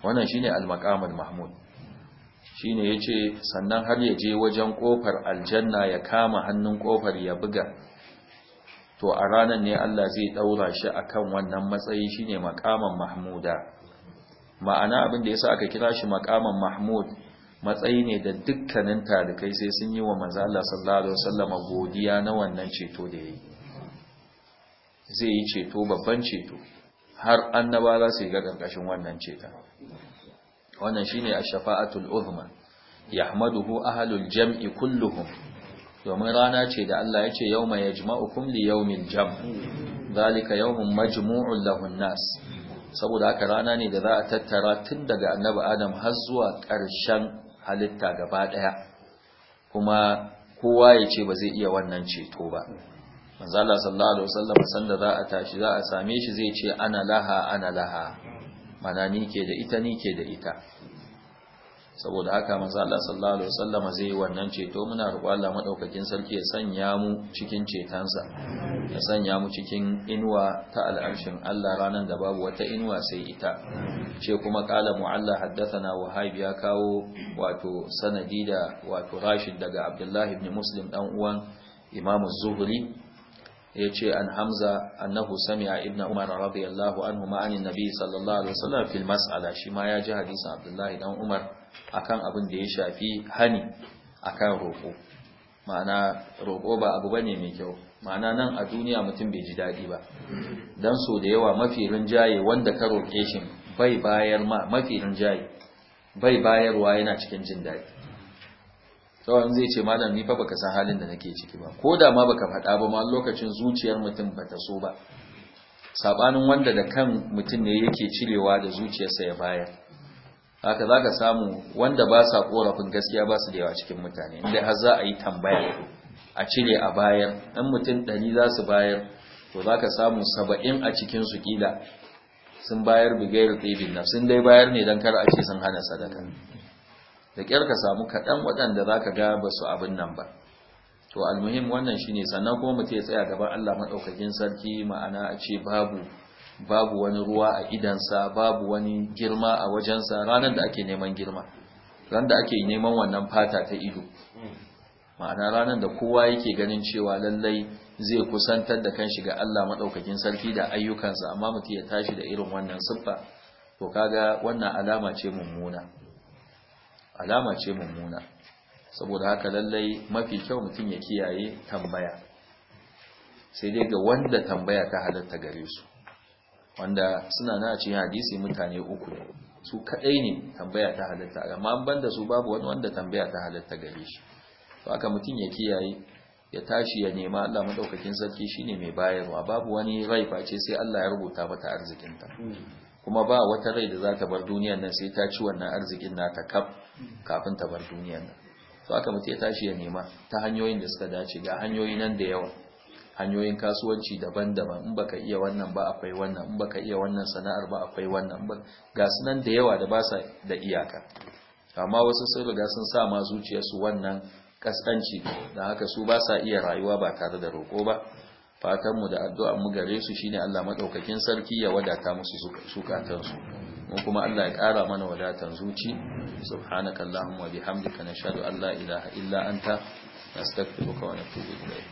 wannan shine al-maqamul mahmud shine yace sannan har ya je wajen kofar aljanna ya kama hannun kofar ya buga to a ranan ne Allah zai daura shi akan wannan matsayi shine makaman mahmuda ma'ana abin da yasa aka kira shi makaman mahmud matsayi ne da dukkanin talikai sai sun yi wa manzo Allah sallallahu alaihi wasallam godiya na wannan ceto da yayi zai yi ceto babban ceto har annaba za su yi ga karkashin wannan ceto. wannan shine ash-shafa'atul uzma yahmaduhu ahlul jam'i kulluhum domin rana ce da Allah ya ce yawma yajma'ukum li yawmil jam' zalika yawmun majmu'un lahun nas saboda haka rana ne da za a tattara tun daga annabi adam har zuwa ƙarshen halitta gaba ɗaya kuma kowa ya ce ba zai iya wannan ceto ba manzala sallallahu alaihi wasallam sanda za a tashi za a same shi zai ce ana laha ana laha mana ni ke da ita ni ke da ita saboda haka manzo Allah sallallahu alaihi wasallam zai wannan ceto muna roƙo Allah madaukakin sarki ya sanya mu cikin cetansa ya sanya mu cikin inuwa ta al'arshin Allah ranan da babu wata inuwa sai ita ce kuma qala mu'alla haddathana wahib ya kawo wato sanadi da wato rashid daga Abdullah ibn Muslim dan uwan Imam Az-Zuhri Ya an hamza annahu a ibna umar radiyallahu anhu ma'anin nabi sallallahu alaihi wasallam fil mas'ala shi ma ya ji hadisin abdullahi dan umar akan abin da ya shafi hani akan roƙo. ma'ana roƙo ba abu bane mai kyau ma'ana nan a duniya mutum bai ji daɗi ba don so da yawa mafi rinjaye wanda ka roƙe shi bai bayar bai bayarwa yana cikin jin daɗi tsawon zai ce malam ni fa baka san halin da nake ciki ba ko da ma baka faɗa ba ma lokacin zuciyar mutum bata so ba sabanin wanda da kan mutum ne yake cirewa da zuciyarsa ya bayar haka zaka samu wanda ba sa korafin gaskiya ba su da yawa cikin mutane inda har za a yi tambaya a cire a bayar dan mutum ɗari za su bayar to zaka samu saba'in a cikin su kila sun bayar bigayar tsibin na sun dai bayar ne don kar a ce sun hana sadaka da kyar ka samu kaɗan waɗanda za ka ga ba su abin nan ba to almuhim wannan shine sannan kuma mutum ya tsaya gaban Allah maɗaukakin sarki ma'ana a ce babu babu wani ruwa a idansa babu wani girma a wajensa ranar da ake neman girma ranar da ake neman wannan fata ta ido ma'ana ranar da kowa yake ganin cewa lallai zai kusantar da kan shiga Allah maɗaukakin sarki da ayyukansa amma mutum ya tashi da irin wannan siffa to kaga wannan alama ce mummuna alama ce mummuna saboda haka lallai mafi kyau mutum ya kiyaye tambaya sai dai ga wanda tambaya ta halatta gare su wanda suna na cikin hadisi mutane uku su kadai ne tambaya ta halatta amma an banda su babu wani wanda tambaya ta halatta gare shi to haka mutum ya kiyaye ya tashi ya nema Allah madaukakin sarki shine mai bayarwa babu wani rai face sai Allah ya rubuta mata arzikinta kuma ba wata rai da za ta bar duniyar nan sai ta ci wannan arzikin nata kaf kafin ta bar duniyan nan to aka mutu ya tashi ya nema ta hanyoyin da suka dace ga hanyoyi nan da yawa hanyoyin kasuwanci daban-daban in baka iya wannan ba akwai wannan in baka iya wannan sana'ar ba akwai wannan ga su nan da yawa da ba sa da iyaka amma wasu sun riga sun sa ma zuciyarsu wannan kaskanci da haka su ba sa iya rayuwa ba tare da roƙo ba fatan mu da addu'a mu gare su shine Allah maɗaukakin sarki ya wadata musu sukatansu mu kuma Allah ya ƙara mana wadatan zuci subhanakallahumma bihamdika nashhadu an la ilaha illa anta nastaghfiruka wa natubu ilayk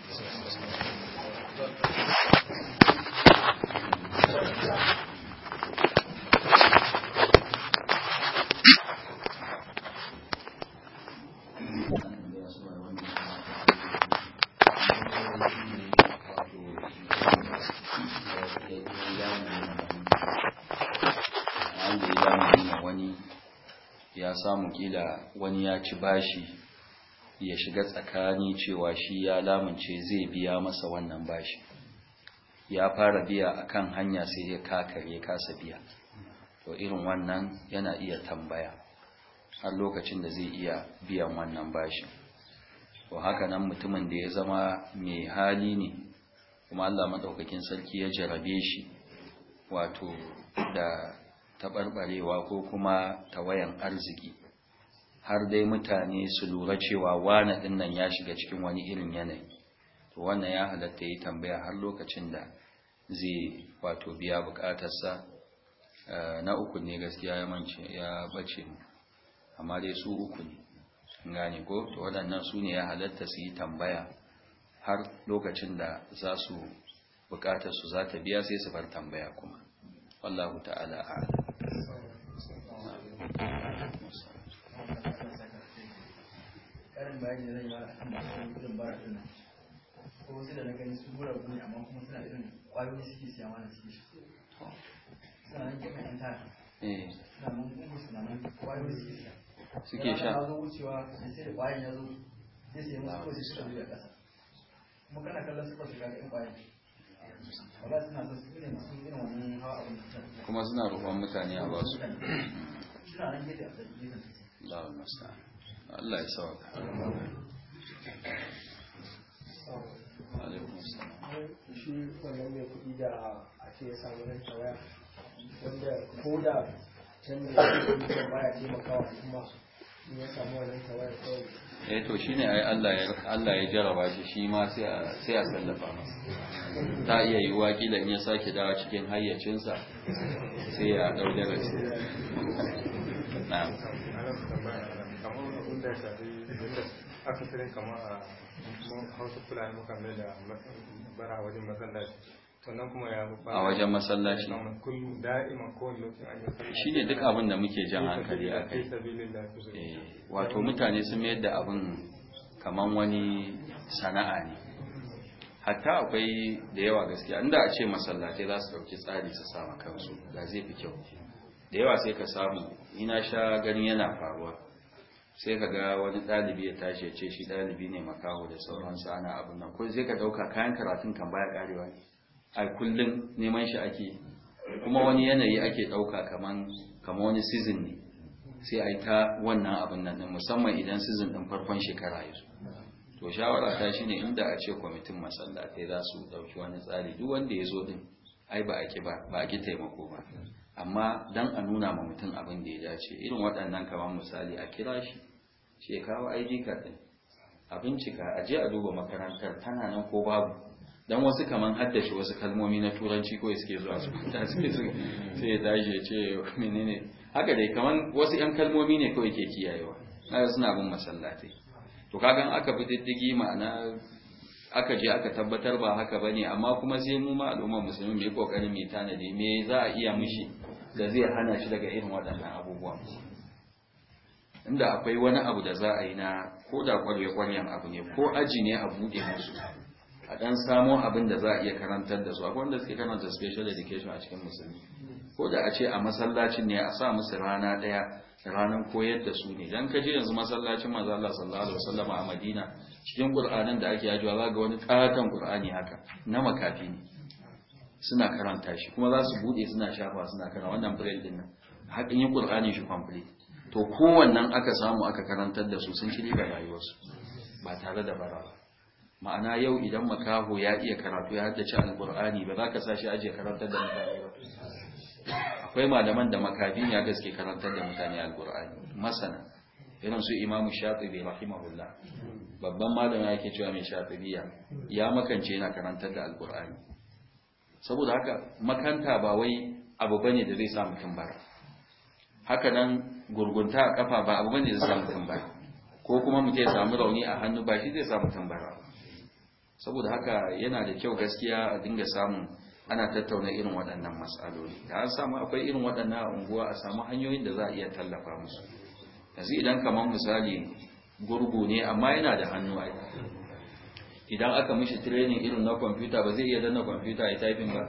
kila wani ya ci bashi ya shiga tsakani cewa shi ya lamunce zai biya masa wannan bashi ya fara biya akan hanya sai ya kakare kasa biya to irin wannan yana iya tambaya har lokacin da zai iya biyan wannan bashi to haka nan mutumin da ya zama mai hali ne kuma Allah madaukakin sarki ya jarabe shi wato da taɓarɓarewa ko kuma tawayan arziki har dai mutane su lura cewa wane ɗin nan ya shiga cikin wani irin yanayi to wannan ya halatta yi tambaya har lokacin da zai wato biya bukatarsa eh, na uku ne gaskiya ya mance ya bace mu amma dai su uku ne gane ko to waɗannan su ne ya halatta su yi tambaya har lokacin da za su bukatar su za ta biya sai su bar tambaya kuma wallahu ta'ala a'lam karin bayani da zai yi a masu irin bara ɗin ko wasu da na gani su gura gune amma kuma suna irin ƙwayoyi suke siya mana suke shi suna nan gefen yan eh. suna nan gungun suna nan ƙwayoyi suke siya suke sha ba zo wucewa da sai da ƙwayan ya zo zai sai musu kawai suka zuwa ƙasa kuma kana kallon suka shiga da ƴan ƙwayan wala suna son su ne masu irin wannan hawa abin da kuma suna roƙon mutane a basu suna nan gefe a Allahul musta'an Allah ya sauka shi wannan mai kuɗi da a samu wanda ko da baya kuma eh to Allah ya jaraba shi shi ma sai a sallafa masa ta iya yiwa kila in ya sake dawa cikin hayyacinsa sai ya dau darasi a wajen masallaci shi ne duk abin da muke jan hankali a kai eh, wato mutane sun mayar da abin kamar wani sana'a ne hatta akwai da yawa gaskiya inda a ce masallaci za su ɗauki tsari su sama kansu da zai fi kyau da yawa sai ka samu ina sha gani yana faruwa sai ka ga wani ɗalibi ya tashi ya ce shi ɗalibi ne makaho da sauransu ana abin nan ko sai ka ɗauka kayan karatun kan baya ƙarewa a kullum neman shi ake kuma wani yanayi ake ɗauka kaman kaman wani season ne sai a yi ta wannan abin nan musamman idan season ɗin farkon shekara ya zo to shawara ta shi ne inda a ce kwamitin masallatai za su ɗauki wani tsari duk wanda ya zo ɗin ai ba a ki ba ba a ki taimako ba amma dan a nuna ma mutum abin da ya dace irin waɗannan kamar misali a kira shi ce kawo ID card din a bincika a je a duba makarantar tana nan ko babu dan wasu kaman haddace wasu kalmomi na turanci ko suke zuwa su ta suke su sai ya tashi ce menene haka dai kaman wasu yan kalmomi ne kawai ke kiyayewa na suna bin masallatai to kagan aka bi diddigi ma'ana aka je aka tabbatar ba haka ba ne amma kuma sai mu ma al'ummar musulmi mai kokari mai tanadi me za a iya mishi da zai hana shi daga irin waɗannan abubuwan inda akwai wani abu da za a yi na ko da kwarye-kwaryen abu ne ko aji ne a buɗe musu a ɗan samo abin da za a iya karantar da su akwai wanda suke karanta special education a cikin musulmi ko da a ce a masallacin ne a sa musu rana ɗaya ranar koyar da su ne dan ji yanzu masallacin manzo Allah sallallahu alaihi wasallam a Madina cikin Qur'anin da ake ajiwa zaka ga wani katan Qur'ani haka na makafi ne suna karanta shi kuma za su bude suna shafa suna karanta wannan braille din nan hakin yin Qur'ani shi complete to kowannan aka samu aka karantar da su sun ga rayuwar rayuwarsu ba tare da bara ma'ana yau idan makaho ya iya karatu ya haddace alqur'ani ba za ka sa shi aje karantar da mutane ba akwai malaman da makafin ya gaske karantar da mutane alkur'ani masana irin su imamu shafi'i rahimahullah babban malamin yake cewa mai shafi'iya ya makance yana karantar da alkur'ani saboda haka makanta ba wai abu bane da zai sa mutum bara haka nan gurgunta a kafa ba abu bane da zai sa mutum bara ko kuma mutum ya samu rauni a hannu ba shi zai sa mutum bara saboda haka yana da kyau gaskiya a dinga samun ana tattauna irin waɗannan matsaloli da an samu akwai irin waɗannan unguwa a samu hanyoyin da za a iya tallafa musu yanzu idan kamar misali gurgu ne amma yana da hannu a idan aka mishi tirenin irin na kwamfuta ba zai iya danna kwamfuta a taifin ba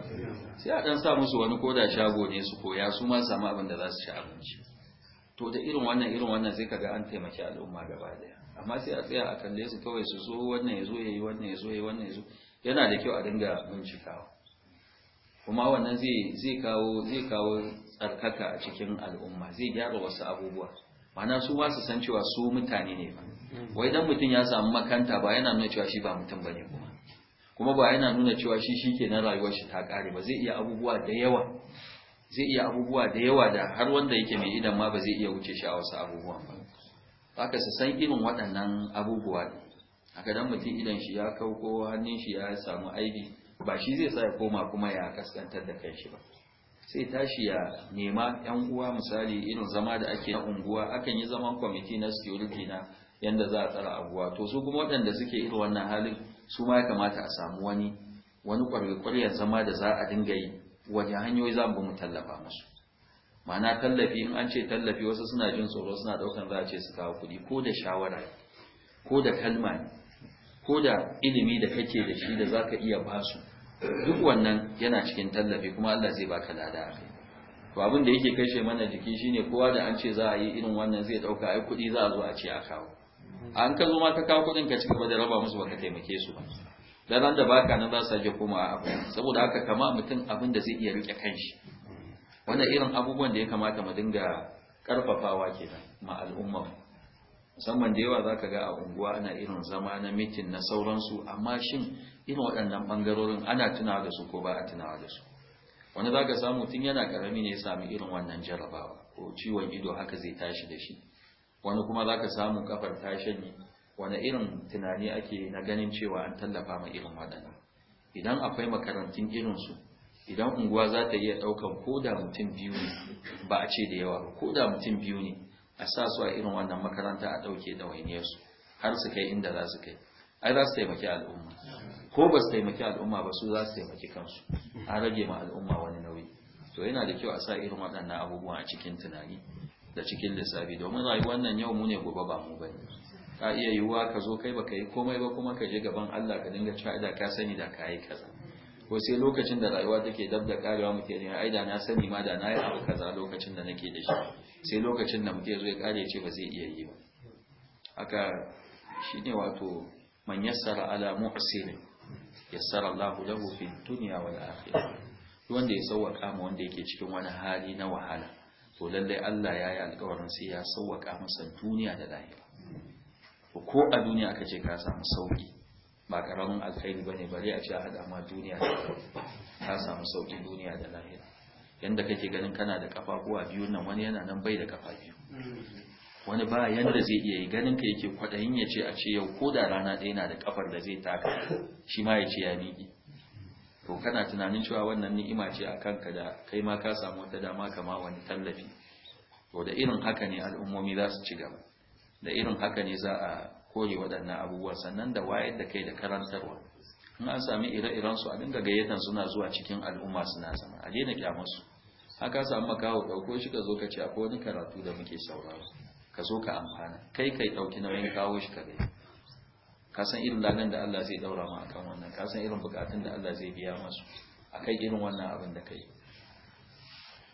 sai a dan sa musu wani ko da shago ne su koya su ma samu abin da za su sha abinci to da irin wannan irin wannan sai kaga an taimaki al'umma gaba daya amma sai a tsaya a kalle su kawai su zo wannan ya zo ya yi wannan ya zo ya yi wannan ya zo yana da kyau a dinga bincikawa kuma wannan zai kawo tsarkaka a cikin al'umma zai gyara wasu abubuwa mana su ba su san cewa su mutane ne ba hmm. wai dan mutum ya samu makanta ba yana nuna cewa shi ba mutum bane kuma kuma ba yana nuna cewa shi shike na rayuwar shi ta kare ba zai iya abubuwa da yawa zai iya abubuwa da yawa da har wanda yake mai idan ma ba zai iya wuce shi a wasu abubuwan ba haka su san irin waɗannan abubuwa haka dan mutum idan shi ya kauko hannun shi ya samu aibi ba shi zai sa koma kuma ya kaskantar da kanshi ba sai tashi ya nema yan uwa misali irin zama da ake na unguwa akan yi zaman kwamiti na security na yanda za a tsara abuwa to su kuma waɗanda suke irin wannan halin su ma ya kamata a samu wani wani kwarwe zama da za a dinga yi wajen hanyoyi za mu tallafa musu ma'ana tallafi in an ce tallafi wasu suna jin tsoro suna daukan za a ce su kawo kuɗi ko da shawara ko da kalma ko da ilimi da kake da shi da zaka iya basu duk wannan yana cikin tallafi kuma Allah zai baka lada a kai to abin da yake kashe mana jiki shine kowa da an ce za a yi irin wannan zai dauka ai kudi za a zo a ce a kawo an ka zo ma ka kawo kudin ka cigaba da raba musu baka taimake su ba dan da baka nan za su je koma a abu saboda haka kama mutum abin da zai iya rike kanshi wannan irin abubuwan da ya kamata mu dinga karfafawa kenan ma al'umma musamman da yawa zaka ga a unguwa ana irin zama na mitin na sauransu amma shin irin waɗannan ɓangarorin ana tunawa da su ko ba a tunawa da su wani za ka samu tun yana ƙarami ne ya sami irin wannan jarabawa ko ciwon ido haka zai tashi da shi wani kuma za ka samu kafar tashin ne wani irin tunani ake na ganin cewa an tallafa ma irin waɗannan idan akwai makarantun irinsu idan unguwa za ta iya ɗaukan ko da mutum biyu ne ba a ce da yawa ba ko da mutum biyu ne a sa su a irin wannan makaranta a ɗauke ɗawainiyarsu har su kai inda za su kai ai za su taimaki al'umma ko ba su taimaki al'umma ba su za su taimaki kansu an rage ma al'umma wani nauyi to yana da kyau a sa irin waɗannan abubuwa a cikin tunani da cikin lissafi domin rayuwar nan yau mu ne gobe ba mu bane ka iya yiwuwa ka zo kai ba ka yi komai ba kuma ka je gaban Allah ka dinga cewa da ka sani da ka yi kaza ko sai lokacin da rayuwa take dab da karewa muke ne ai da na sani ma da na yi abu kaza lokacin da nake da shi sai lokacin da muke zo ya kare ce ba zai iya yi ba haka shine wato man yassara ala muhsin yassara Allahu lahu fi dunya wal akhirah wanda ya sauwaka ma wanda yake cikin wani hali na wahala to lallai Allah ya yi alƙawarin sai ya sauwaka masa duniya da lahira ko a duniya aka ce ka samu sauki ba karamin alkhairi bane bare a ce a hada ma duniya ka samu sauki duniya da lahira yanda kake ganin kana da kafafuwa biyu nan wani yana nan bai da kafa biyu wani ba yanda zai iya yi ganin ka yake kwaɗayin ya ce a ce yau ko da rana ɗaya na da kafar da zai taka shi ma ya ce ya miƙi to kana tunanin cewa wannan ni'ima ce a kanka da kai ma ka samu wata dama kama wani tallafi to da irin haka ne al'ummomi za su ci gaba da irin haka ne za a kore waɗannan abubuwa sannan da wayar da kai da karantarwa in an sami ire-iren su a dinga gayyatan suna zuwa cikin al'umma suna zama a daina kyamarsu haka samu makawo ɗauko shi ka zo ka ce akwai wani karatu da muke sauraro ka zo ka amfana kai kai ɗauki nauyin kawo shi ka ka san irin ladan da Allah zai daura ma akan wannan ka san irin bukatun da Allah zai biya masu akai irin wannan abin da kai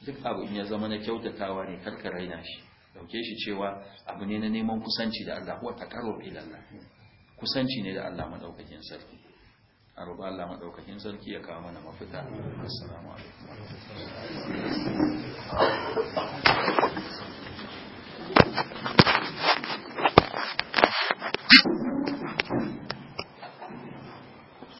duk abu in ya zama na kyautatawa ne kar raina shi dauke shi cewa abu ne na neman kusanci da Allah huwa taqarrub fi lalla kusanci ne da Allah madaukakin sarki a roƙa Allah madaukakin sarki ya kawo mana mafita assalamu alaikum はい。